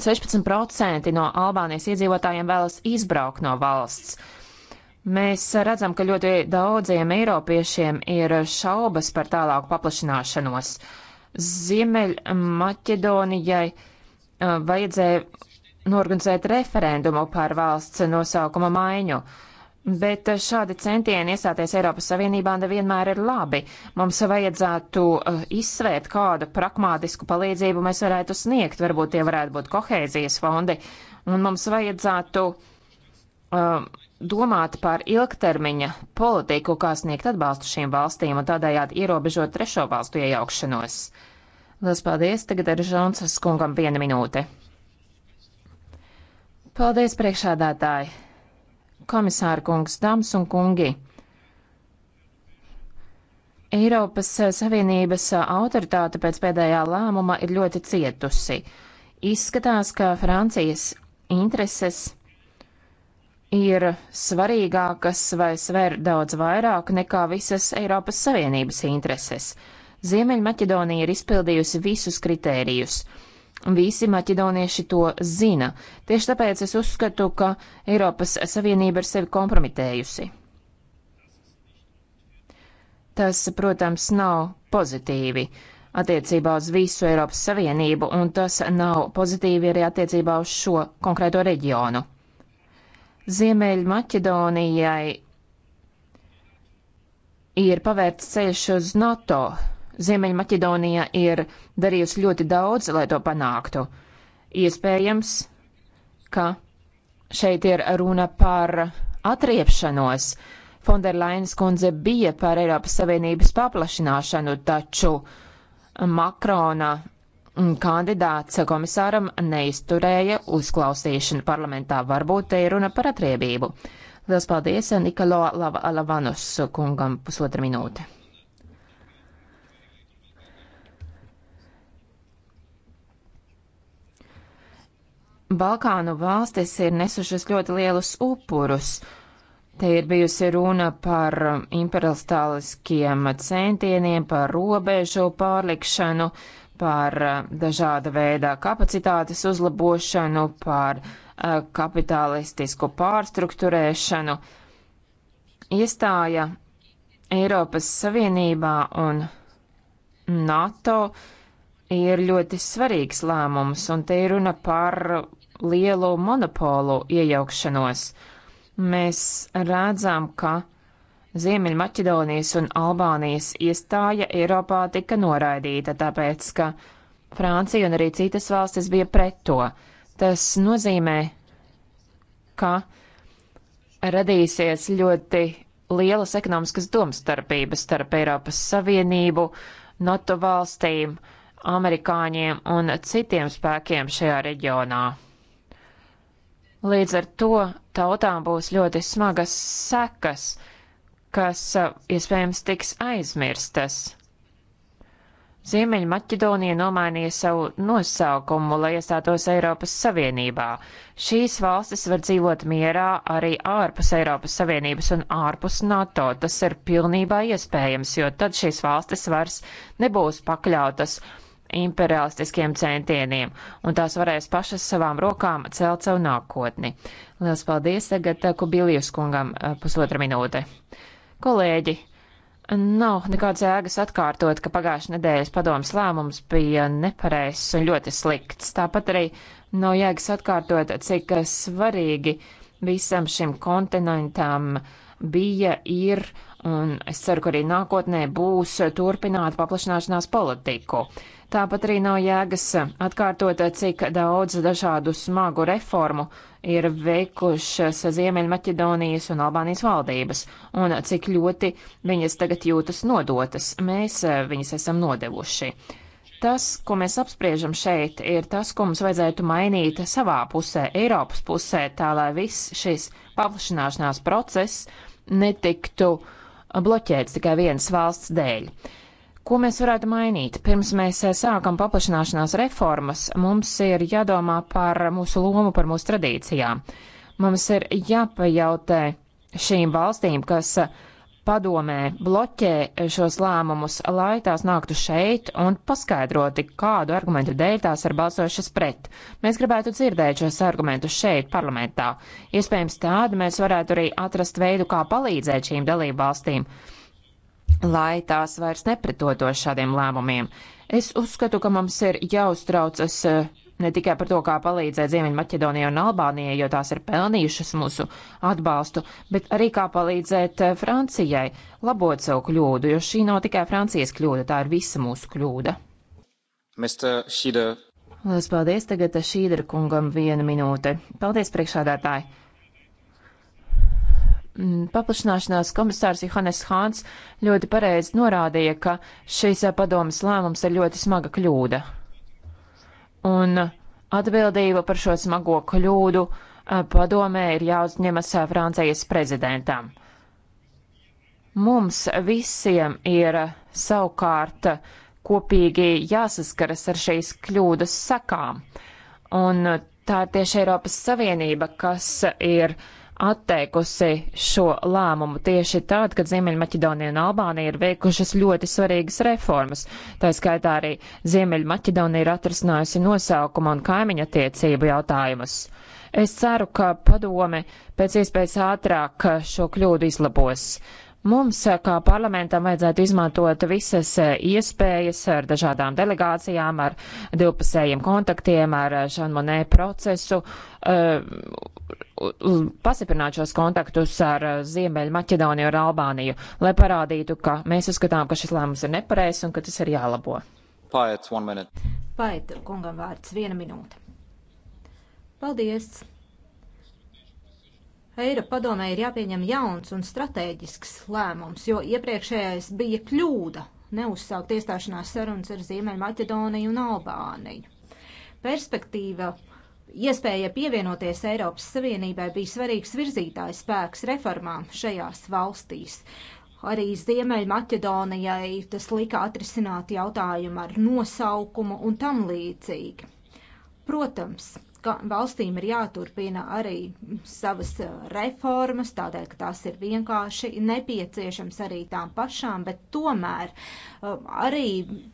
16% no Albānijas iedzīvotājiem vēlas izbraukt no valsts. Mēs redzam, ka ļoti daudziem eiropiešiem ir šaubas par tālāku paplašināšanos. Ziemeļmaķedonijai eh, vajadzēja norganizēt referendumu par valsts nosaukuma maiņu. Uh, Bet šādi centieni iestāties Eiropas Savienībā nevienmēr ir labi. Mums vajadzētu uh, izsvērt, kādu pragmātisku palīdzību mēs varētu sniegt. Varbūt tie varētu būt kohēzijas fondi. Un mums vajadzētu uh, domāt par ilgtermiņa politiku, kā sniegt atbalstu šīm valstīm un tādējādi ierobežot trešo valstu iejaukšanos. Lielas paldies! Tagad ir Žonsas kungam viena minūte. Paldies, priekšādātāji! komisāra kungs, dāmas un kungi! Eiropas Savienības autoritāte pēc pēdējā lēmuma ir ļoti cietusi. Izskatās, ka Francijas intereses ir svarīgākas vai sver daudz vairāk nekā visas Eiropas Savienības intereses. Ziemeļmaķedonija ir izpildījusi visus kritērijus. Visi maķedonieši to zina. Tieši tāpēc es uzskatu, ka Eiropas Savienība ir sevi kompromitējusi. Tas, protams, nav pozitīvi attiecībā uz visu Eiropas Savienību, un tas nav pozitīvi arī attiecībā uz šo konkrēto reģionu. Ziemeļa Maķedonijai ir pavērts ceļš uz NATO Ziemeļmaķedonija ir darījusi ļoti daudz, lai to panāktu. Iespējams, ka šeit ir runa par atriepšanos. Fonderlainas kundze bija par Eiropas Savienības paplašināšanu, taču Makrona kandidāts komisāram neizturēja uzklausīšanu parlamentā. Varbūt te ir runa par atriebību. Lielas paldies Nikolo Lav Lavanus kungam pusotra minūte. Balkānu valstis ir nesušas ļoti lielus upurus. Te ir bijusi runa par imperialistāliskiem centieniem, par robežu pārlikšanu, par eh, dažāda veida kapacitātes uzlabošanu, par eh, kapitalistisku pārstruktūrēšanu. Iestāja Eiropas Savienībā un NATO ir ļoti svarīgs lēmums, un te ir runa par lielu monopolu iejaukšanos. Mēs redzam, ka Ziemeļmaķedonijas un Albānijas iestāja Eiropā tika noraidīta, tāpēc, ka Francija un arī citas valstis bija pret to. Tas nozīmē, ka radīsies ļoti lielas ekonomiskas domstarpības starp Eiropas Savienību, NATO valstīm, amerikāņiem un citiem spēkiem šajā reģionā. Līdz ar to tautām būs ļoti smagas sekas, kas uh, iespējams tiks aizmirstas. Ziemeļa Maķedonija nomainīja savu nosaukumu, lai iestātos Eiropas Savienībā. Šīs valstis var dzīvot mierā arī ārpus Eiropas Savienības un ārpus NATO. Tas ir pilnībā iespējams, jo tad šīs valstis vairs nebūs pakļautas imperialistiskiem centieniem, un tās varēs pašas savām rokām celt savu nākotni. Lielas paldies tagad uh, Kubiljus kungam uh, pusotra minūte. Kolēģi, nav nekādas jēgas atkārtot, ka pagājušā nedēļas padomas lēmums bija nepareizs un ļoti slikts. Tāpat arī nav jēgas atkārtot, cik uh, svarīgi visam šim kontinentam bija, ir un es ceru, ka arī nākotnē būs turpināt paplašināšanās politiku. Tāpat arī nav jēgas atkārtot, cik daudz dažādu smagu reformu ir veikušas Ziemeļmaķedonijas un Albānijas valdības, un cik ļoti viņas tagad jūtas nodotas. Mēs eh, viņas esam nodevuši. Tas, ko mēs apspriežam šeit, ir tas, ko mums vajadzētu mainīt savā pusē, Eiropas pusē, tā lai viss šis paplašināšanās process netiktu bloķēts tikai vienas valsts dēļ. Uh, Ko mēs varētu mainīt? Pirms mēs eh, sākam paplašināšanās reformas, mums ir jādomā par mūsu lomu, par mūsu tradīcijām. Mums ir jāpajautē šīm valstīm, kas eh, padomē bloķē šos lēmumus, lai tās nāktu šeit un paskaidroti, kādu argumentu dēļ tās ir balsojušas pret. Mēs gribētu dzirdēt šos argumentus šeit, parlamentā. Iespējams, tādu mēs varētu arī atrast veidu, kā palīdzēt šīm dalību valstīm lai tās vairs nepretotos šādiem lēmumiem. Es uzskatu, ka mums ir jāuztraucas eh, ne tikai par to, kā palīdzēt Ziemeņmaķedonijai un Albānijai, jo tās ir pelnījušas mūsu atbalstu, bet arī kā palīdzēt eh, Francijai labot savu kļūdu, jo šī nav tikai Francijas kļūda, tā ir visa mūsu kļūda. Lielas paldies tagad Šīdra kungam viena minūte. Paldies priekšādātāji! Mm, paplašināšanās komisārs Johannes Hāns ļoti pareizi norādīja, ka šīs eh, padomas lēmums ir ļoti smaga kļūda. Un atbildība par šo smago kļūdu eh, padomē ir jāuzņemas eh, Francijas prezidentam. Mums visiem ir savukārt kopīgi jāsaskaras ar šīs kļūdas sakām. Un tā ir tieši Eiropas Savienība, kas ir uh, atteikusi šo lēmumu tieši tad, kad Ziemeļmaķedonija un Albānija ir veikušas ļoti svarīgas reformas. Tā skaitā arī Ziemeļmaķedonija ir atrisinājusi nosaukuma un kaimiņa tiecību jautājumus. Es ceru, ka padome pēc iespējas ātrāk šo kļūdu izlabos. Mums, kā parlamentam, vajadzētu izmantot visas iespējas ar dažādām delegācijām, ar divpusējiem kontaktiem, ar Žanmonē procesu, eh, pasiprināt šos kontaktus ar eh, Ziemeļu Maķedoniju un Albāniju, lai parādītu, ka mēs uzskatām, ka šis lēmums ir nepareizs un ka tas ir jālabo. Paiet, one minute. Paiet, kungam vārds, viena minūte. Paldies! Eiropa padomē ir jāpieņem jauns un strateģisks lēmums, jo iepriekšējais bija kļūda neuzsākt iestāšanās sarunas ar Ziemeļu Maķedoniju un Albāniju. Perspektīva uh, Iespēja pievienoties Eiropas Savienībai bija svarīgs virzītājs spēks reformām šajās valstīs. Arī Ziemeļmaķedonijai tas lika atrisināt jautājumu ar nosaukumu un tam līdzīgi. Protams, valstīm ir jāturpina arī savas uh, reformas, tādēļ, ka tās ir vienkārši nepieciešams arī tām pašām, bet tomēr uh, arī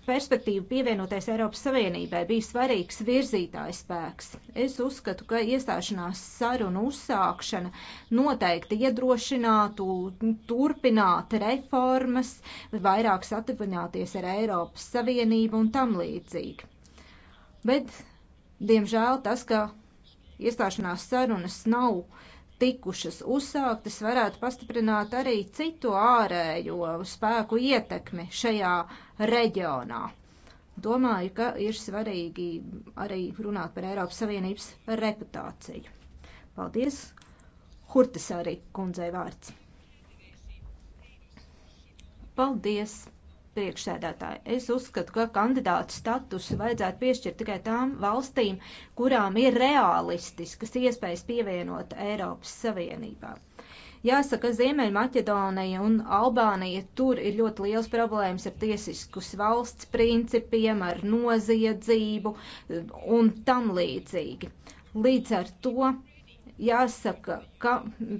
perspektīvu pievienoties Eiropas Savienībai bija svarīgs virzītājs spēks. Es uzskatu, ka iestāšanās sarunu uzsākšana noteikti iedrošinātu turpināt reformas, vairāk satuvināties ar Eiropas Savienību un tam līdzīgi. Bet Diemžēl tas, ka iestāšanās sarunas nav tikušas uzsāktas, varētu pastiprināt arī citu ārējo spēku ietekmi šajā reģionā. Domāju, ka ir svarīgi arī runāt par Eiropas Savienības reputāciju. Paldies! Hurtis arī kundzei vārds. Paldies! priekšsēdētāji. Es uzskatu, ka kandidātu statusu vajadzētu piešķirt tikai tām valstīm, kurām ir realistiskas iespējas pievienot Eiropas Savienībā. Jāsaka, Ziemeļmaķedonija un Albānija tur ir ļoti liels problēmas ar tiesiskus valsts principiem, ar noziedzību un tam līdzīgi. Līdz ar to jāsaka, ka,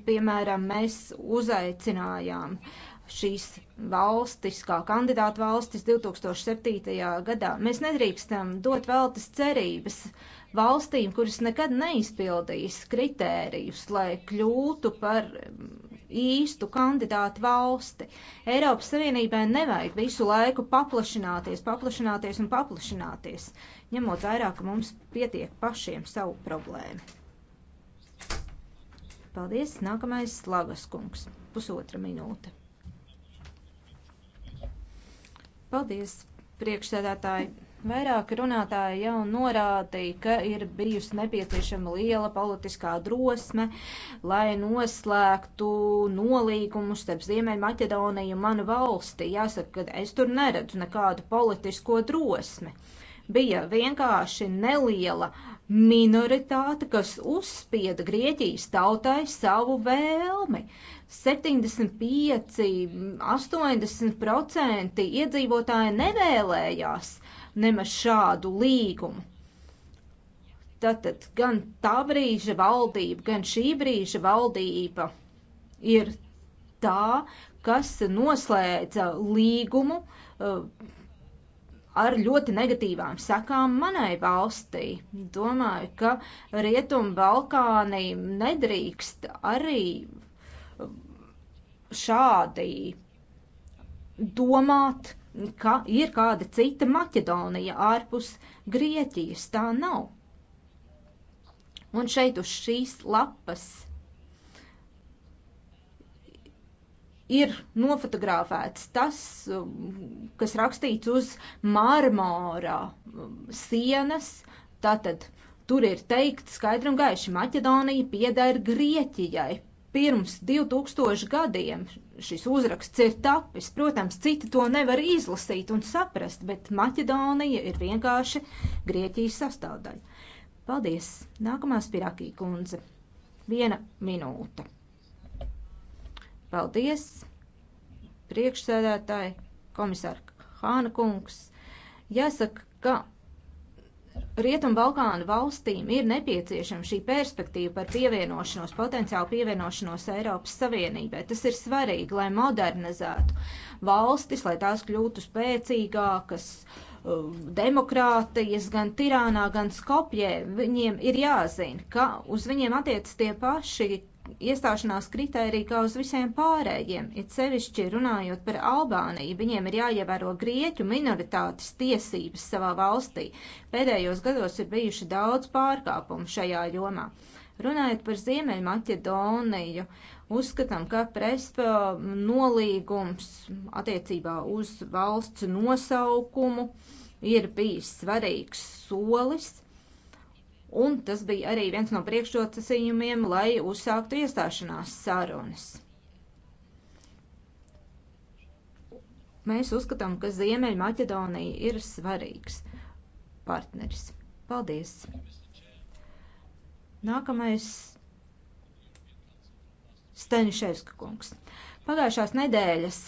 piemēram, mēs uzaicinājām uh, šīs valstis, kā kandidātu valstis 2007. gadā. Mēs nedrīkstam dot veltas cerības valstīm, kuras nekad neizpildīs kritērijus, lai kļūtu par mm, īstu kandidātu valsti. Eiropas Savienībai nevajag visu laiku paplašināties, paplašināties un paplašināties, ņemot vērā, ka mums pietiek pašiem savu problēmu. Paldies, nākamais Lagas kungs, pusotra minūte. Paldies, priekšsēdētāji! Vairāki runātāji jau norādīja, ka ir bijusi nepieciešama liela politiskā drosme, lai noslēgtu nolīgumus starp Ziemeļmaķedoniju un manu valsti. Jāsaka, ka es tur neredzu nekādu politisko drosmi bija vienkārši neliela minoritāte, kas uzspieda Grieķijas tautai savu vēlmi. 75-80% iedzīvotāji nevēlējās nemaz šādu līgumu. Tātad gan tā brīža valdība, gan šī brīža valdība ir tā, kas noslēdza līgumu uh, ar ļoti negatīvām sekām manai valstī. Domāju, ka Rietumu Balkāni nedrīkst arī šādi domāt, ka ir kāda cita Maķedonija ārpus Grieķijas. Tā nav. Un šeit uz šīs lapas ir nofotografēts tas, um, kas rakstīts uz marmora um, sienas. Tātad tur ir teikts skaidri un gaiši, Maķedonija pieder Grieķijai. Pirms 2000 gadiem šis uzraksts ir tapis. Protams, citi to nevar izlasīt un saprast, bet Maķedonija ir vienkārši Grieķijas sastāvdaļa. Paldies! Nākamā spirākī kundze. Viena minūte. Paldies, priekšsēdētāji, komisāra Hāna kungs. Jāsaka, ka Rietumbalkānu valstīm ir nepieciešama šī perspektīva par pievienošanos, potenciālu pievienošanos Eiropas Savienībai. Tas ir svarīgi, lai modernizētu valstis, lai tās kļūtu spēcīgākas, um, demokrātijas gan Tirānā, gan Skopjē. Viņiem ir jāzina, ka uz viņiem attiec tie paši iestāšanās kritērija kā uz visiem pārējiem, it sevišķi runājot par Albāniju, viņiem ir jāievēro grieķu minoritātes tiesības savā valstī. Pēdējos gados ir bijuši daudz pārkāpumu šajā jomā. Runājot par Ziemeļmaķedoniju, uzskatām, ka prespa nolīgums attiecībā uz valsts nosaukumu ir bijis svarīgs solis un tas bija arī viens no priekšrocījumiem, lai uzsāktu iestāšanās sarunas. Mēs uzskatām, ka Ziemeļmaķedonija ir svarīgs partneris. Paldies! Nākamais Staniševska kungs. Pagājušās nedēļas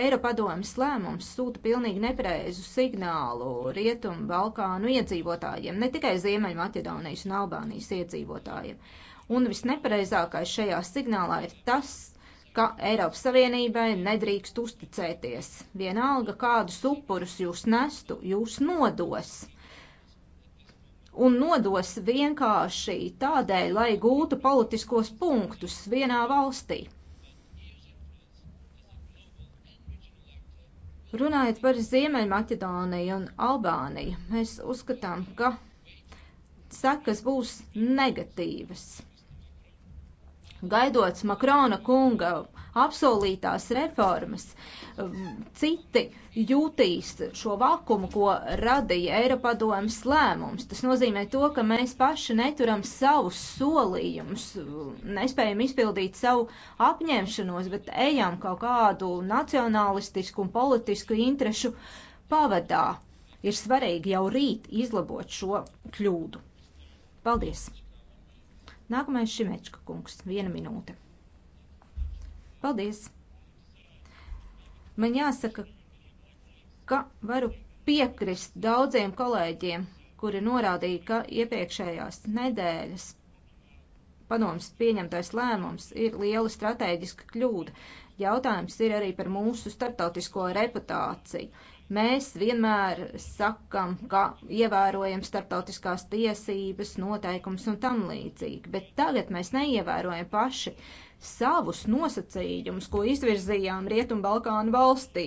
Eiropadomas lēmums sūta pilnīgi nepareizu signālu Rietumu Balkānu iedzīvotājiem, ne tikai Ziemeļmaķedonijas un Albānijas iedzīvotājiem. Un visnepareizākais šajā signālā ir tas, ka Eiropas Savienībai nedrīkst uzticēties. Vienalga, kādus upurus jūs nestu, jūs nodos. Un nodos vienkārši tādēļ, lai gūtu politiskos punktus vienā valstī. Runājot par Ziemeļmaķedoniju un Albāniju, mēs uzskatām, ka sekas būs negatīvas gaidot Makrona kunga apsolītās reformas, um, citi jūtīs šo vakumu, ko radīja Eiropadomas lēmums. Tas nozīmē to, ka mēs paši neturam savus solījumus, nespējam izpildīt savu apņemšanos, bet ejam kaut kādu nacionalistisku un politisku interešu pavadā. Ir svarīgi jau rīt izlabot šo kļūdu. Paldies! Nākamais Šimečka kungs, viena minūte. Paldies! Man jāsaka, ka varu piekrist daudziem kolēģiem, kuri norādīja, ka iepriekšējās nedēļas padoms pieņemtais lēmums ir liela strateģiska kļūda. Jautājums ir arī par mūsu starptautisko reputāciju. Mēs vienmēr sakam, ka ievērojam starptautiskās tiesības, noteikums un tam līdzīgi, bet tagad mēs neievērojam paši savus nosacījumus, ko izvirzījām Rietumbalkānu valstī.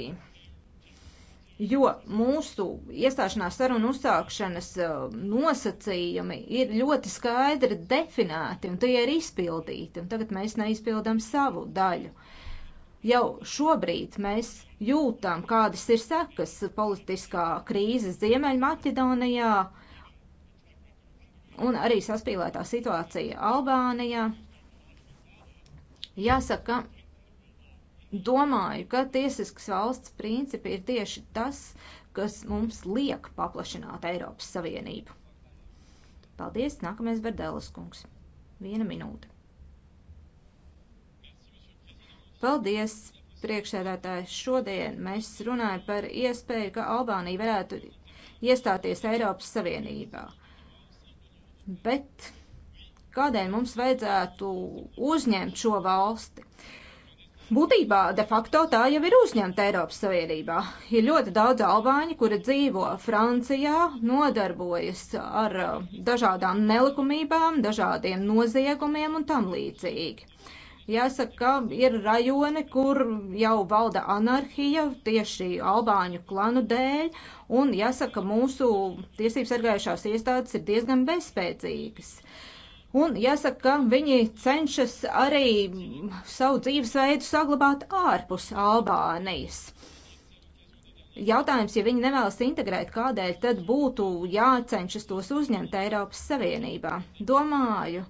Jo mūsu iestāšanās sarunu uzsākšanas uh, nosacījumi ir ļoti skaidri definēti un tie ir izpildīti, un tagad mēs neizpildām savu daļu. Jau šobrīd mēs jūtam, kādas ir sekas politiskā krīze Ziemeļmaķedonijā un arī saspīlētā situācija Albānijā. Jāsaka, domāju, ka tiesisks valsts principi ir tieši tas, kas mums liek paplašināt Eiropas Savienību. Paldies, nākamais Berdēlas kungs. Viena minūte. Paldies, priekšsēdētājs, šodien mēs runājam par iespēju, ka Albānija varētu iestāties Eiropas Savienībā. Bet kādēļ mums vajadzētu uzņemt šo valsti? Būtībā de facto tā jau ir uzņemta Eiropas Savienībā. Ir ļoti daudz albāņu, kuri dzīvo Francijā, nodarbojas ar uh, dažādām nelikumībām, dažādiem noziegumiem un tam līdzīgi. Jāsaka, ka ir rajoni, kur jau valda anarhija tieši albāņu klanu dēļ, un jāsaka, mūsu tiesības sargājušās iestādes ir diezgan bezspēcīgas. Un jāsaka, ka viņi cenšas arī savu dzīvesveidu saglabāt ārpus Albānijas. Jautājums, ja viņi nevēlas integrēt, kādēļ tad būtu jācenšas tos uzņemt Eiropas Savienībā? Domāju,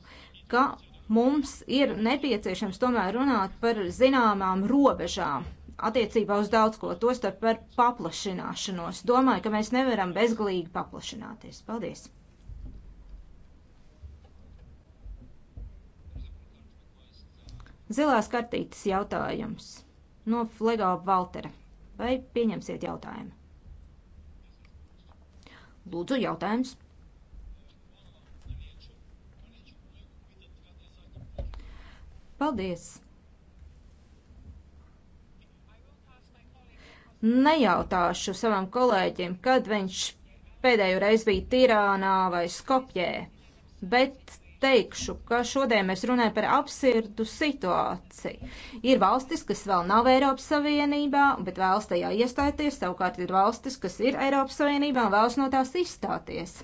ka mums ir nepieciešams tomēr runāt par zināmām robežām attiecībā uz daudz ko, tostarp par paplašināšanos. Domāju, ka mēs nevaram bezgalīgi paplašināties. Paldies! Zilās kartītes jautājums no Flegā Valtera. Vai pieņemsiet jautājumu? Lūdzu, jautājums. Paldies! Nejautāšu savam kolēģim, kad viņš pēdējo reizi bija Tirānā vai Skopjē, bet teikšu, ka šodien mēs runājam par absurdu situāciju. Ir valstis, kas vēl nav Eiropas Savienībā, bet vēlas tajā iestāties, savukārt ir valstis, kas ir Eiropas Savienībā un vēlas no tās izstāties.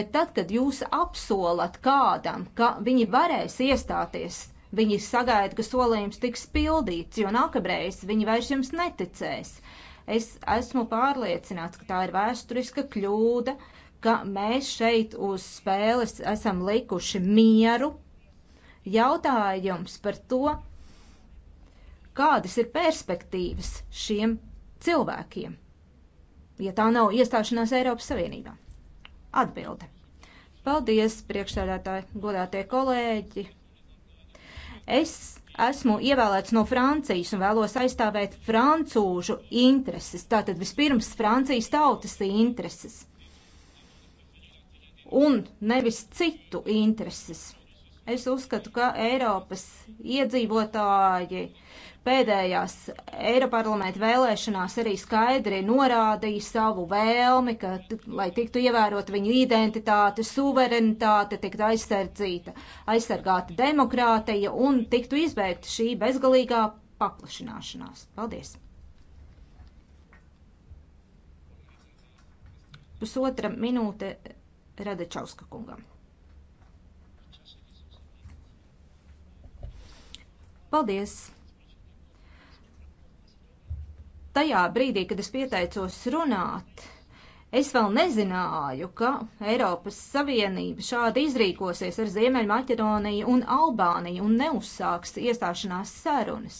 Bet tad, kad jūs apsolat kādam, ka viņi varēs iestāties Viņi sagaida, ka solījums tiks pildīts, jo nākamreiz viņi vairs jums neticēs. Es esmu pārliecināts, ka tā ir vēsturiska kļūda, ka mēs šeit uz spēles esam likuši mieru. Jautājums par to, kādas ir perspektīvas šiem cilvēkiem, ja tā nav iestāšanās Eiropas Savienībā? Atbilde. Paldies, priekšsēdētāji, godātie kolēģi, Es esmu ievēlēts no Francijas un vēlos aizstāvēt francūžu intereses, tātad vispirms Francijas tautas intereses un nevis citu intereses. Es uzskatu, ka Eiropas iedzīvotāji Pēdējās Eiroparlamenta vēlēšanās arī skaidri norādīja savu vēlmi, ka, lai tiktu ievērot viņu identitāte, suverenitāte, tiktu aizsardzīta, aizsargāta demokrātija un tiktu izbeigta šī bezgalīgā paplašināšanās. Paldies! Pusotra minūte Radečauska kungam. Paldies! tajā brīdī, kad es pieteicos runāt, es vēl nezināju, ka Eiropas Savienība šādi izrīkosies ar Ziemeļmaķedoniju un Albāniju un neuzsāks iestāšanās sarunas.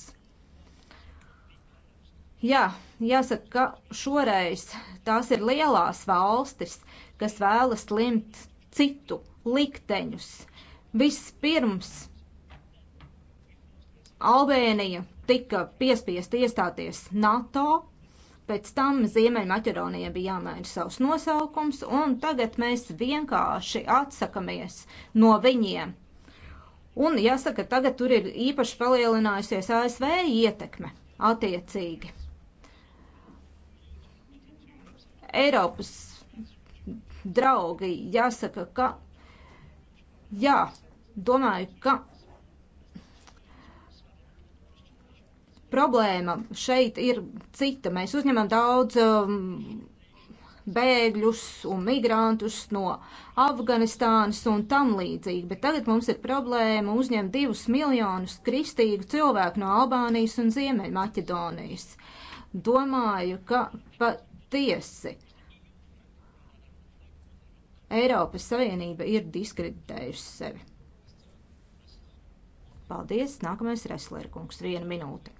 Jā, jāsaka, ka šoreiz tās ir lielās valstis, kas vēlas limt citu likteņus. Vispirms Albēnija tika piespiesti iestāties NATO, pēc tam Ziemeļmaķedonija bija jāmaina savs nosaukums, un tagad mēs vienkārši atsakamies no viņiem. Un jāsaka, tagad tur ir īpaši palielinājusies ASV ietekme attiecīgi. Eiropas draugi, jāsaka, ka jā, domāju, ka Problēma šeit ir cita. Mēs uzņemam daudz um, bēgļus un migrantus no Afganistānas un tam līdzīgi, bet tagad mums ir problēma uzņemt divus miljonus kristīgu cilvēku no Albānijas un Ziemeļmaķedonijas. Domāju, ka patiesi Eiropas Savienība ir diskreditējusi sevi. Paldies, nākamais Reslerkungs, viena minūte.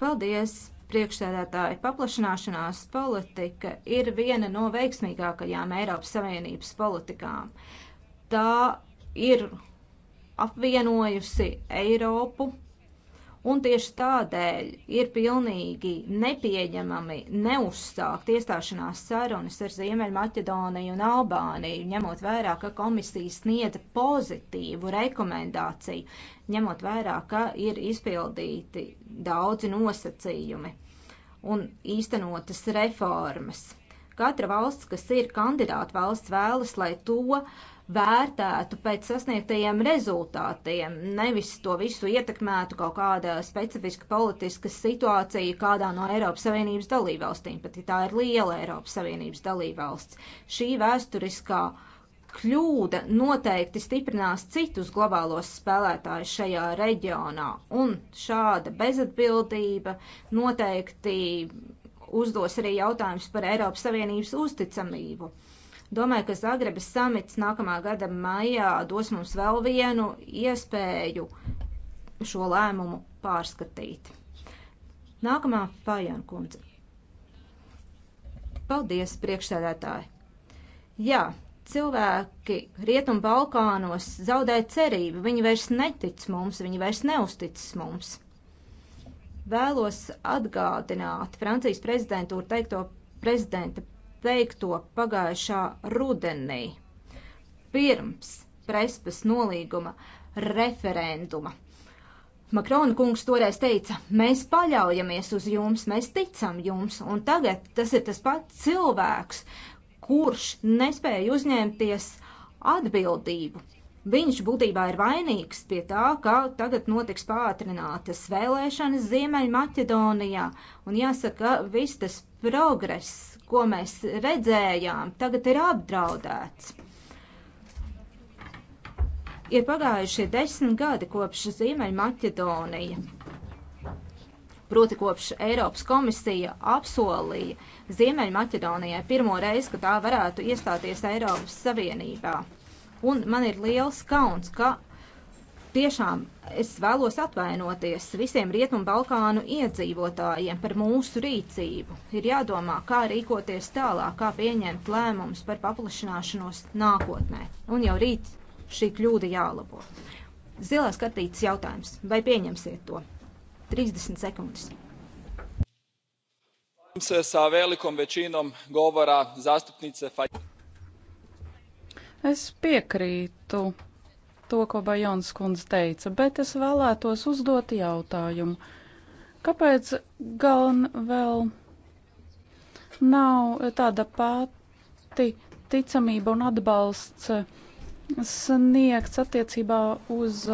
Paldies! Priekšsēdētāji paplašināšanās politika ir viena no veiksmīgākajām Eiropas Savienības politikām. Tā ir apvienojusi Eiropu Un tieši tādēļ ir pilnīgi nepieņemami neuzsākt iestāšanās sarunas ar Ziemeļmaķedoniju un Albāniju, ņemot vērā, ka komisija sniedza pozitīvu rekomendāciju, ņemot vērā, ka ir izpildīti daudzi nosacījumi un īstenotas reformas. Katra valsts, kas ir kandidāta valsts, vēlas, lai to uh, vērtētu pēc sasniegtajiem rezultātiem, nevis to visu ietekmētu kaut kāda specifiska politiska situācija kādā no Eiropas Savienības dalībvalstīm, pat ja tā ir liela Eiropas Savienības dalībvalsts. Šī vēsturiskā kļūda noteikti stiprinās citus globālos spēlētājus šajā reģionā, un šāda bezatbildība noteikti uzdos arī jautājums par Eiropas Savienības uzticamību. Uh, Domāju, ka Zagrebas samits nākamā gada maijā dos mums vēl vienu iespēju šo lēmumu pārskatīt. Nākamā Fajana kundze. Paldies, priekšsēdētāji! Jā, cilvēki Rietumu Balkānos zaudē cerību, viņi vairs netic mums, viņi vairs neusticas mums. Vēlos atgādināt Francijas prezidentūru teikto prezidenta teikto pagājušā rudenī, pirms prespas nolīguma referenduma. Makrona kungs toreiz teica, mēs paļaujamies uz jums, mēs ticam jums, un tagad tas ir tas pats cilvēks, kurš nespēja uzņemties atbildību. Viņš būtībā ir vainīgs pie tā, ka tagad notiks pātrinātas vēlēšanas Ziemeļmaķedonijā, un jāsaka, viss tas progress, ko mēs redzējām, tagad ir apdraudēts. Ir pagājušie desmit gadi kopš Ziemeļmaķedonija, proti kopš Eiropas komisija apsolīja Ziemeļmaķedonijai pirmo reizi, ka tā varētu iestāties Eiropas Savienībā. Un man ir liels kauns, ka Tiešām es vēlos atvainoties visiem Rietumu Balkānu iedzīvotājiem par mūsu rīcību. Ir jādomā, kā rīkoties tālāk, kā pieņemt lēmumus par paplašināšanos nākotnē. Un jau rīt šī kļūda jālabo. Zilās kartītes jautājums. Vai pieņemsiet to? 30 sekundes. Se sa velikom većinom govora zastupnice Faj... Es piekrītu to, ko Bajons kundze teica, bet es vēlētos uzdot jautājumu. Kāpēc gan vēl nav tāda pati ticamība un atbalsts sniegts attiecībā uz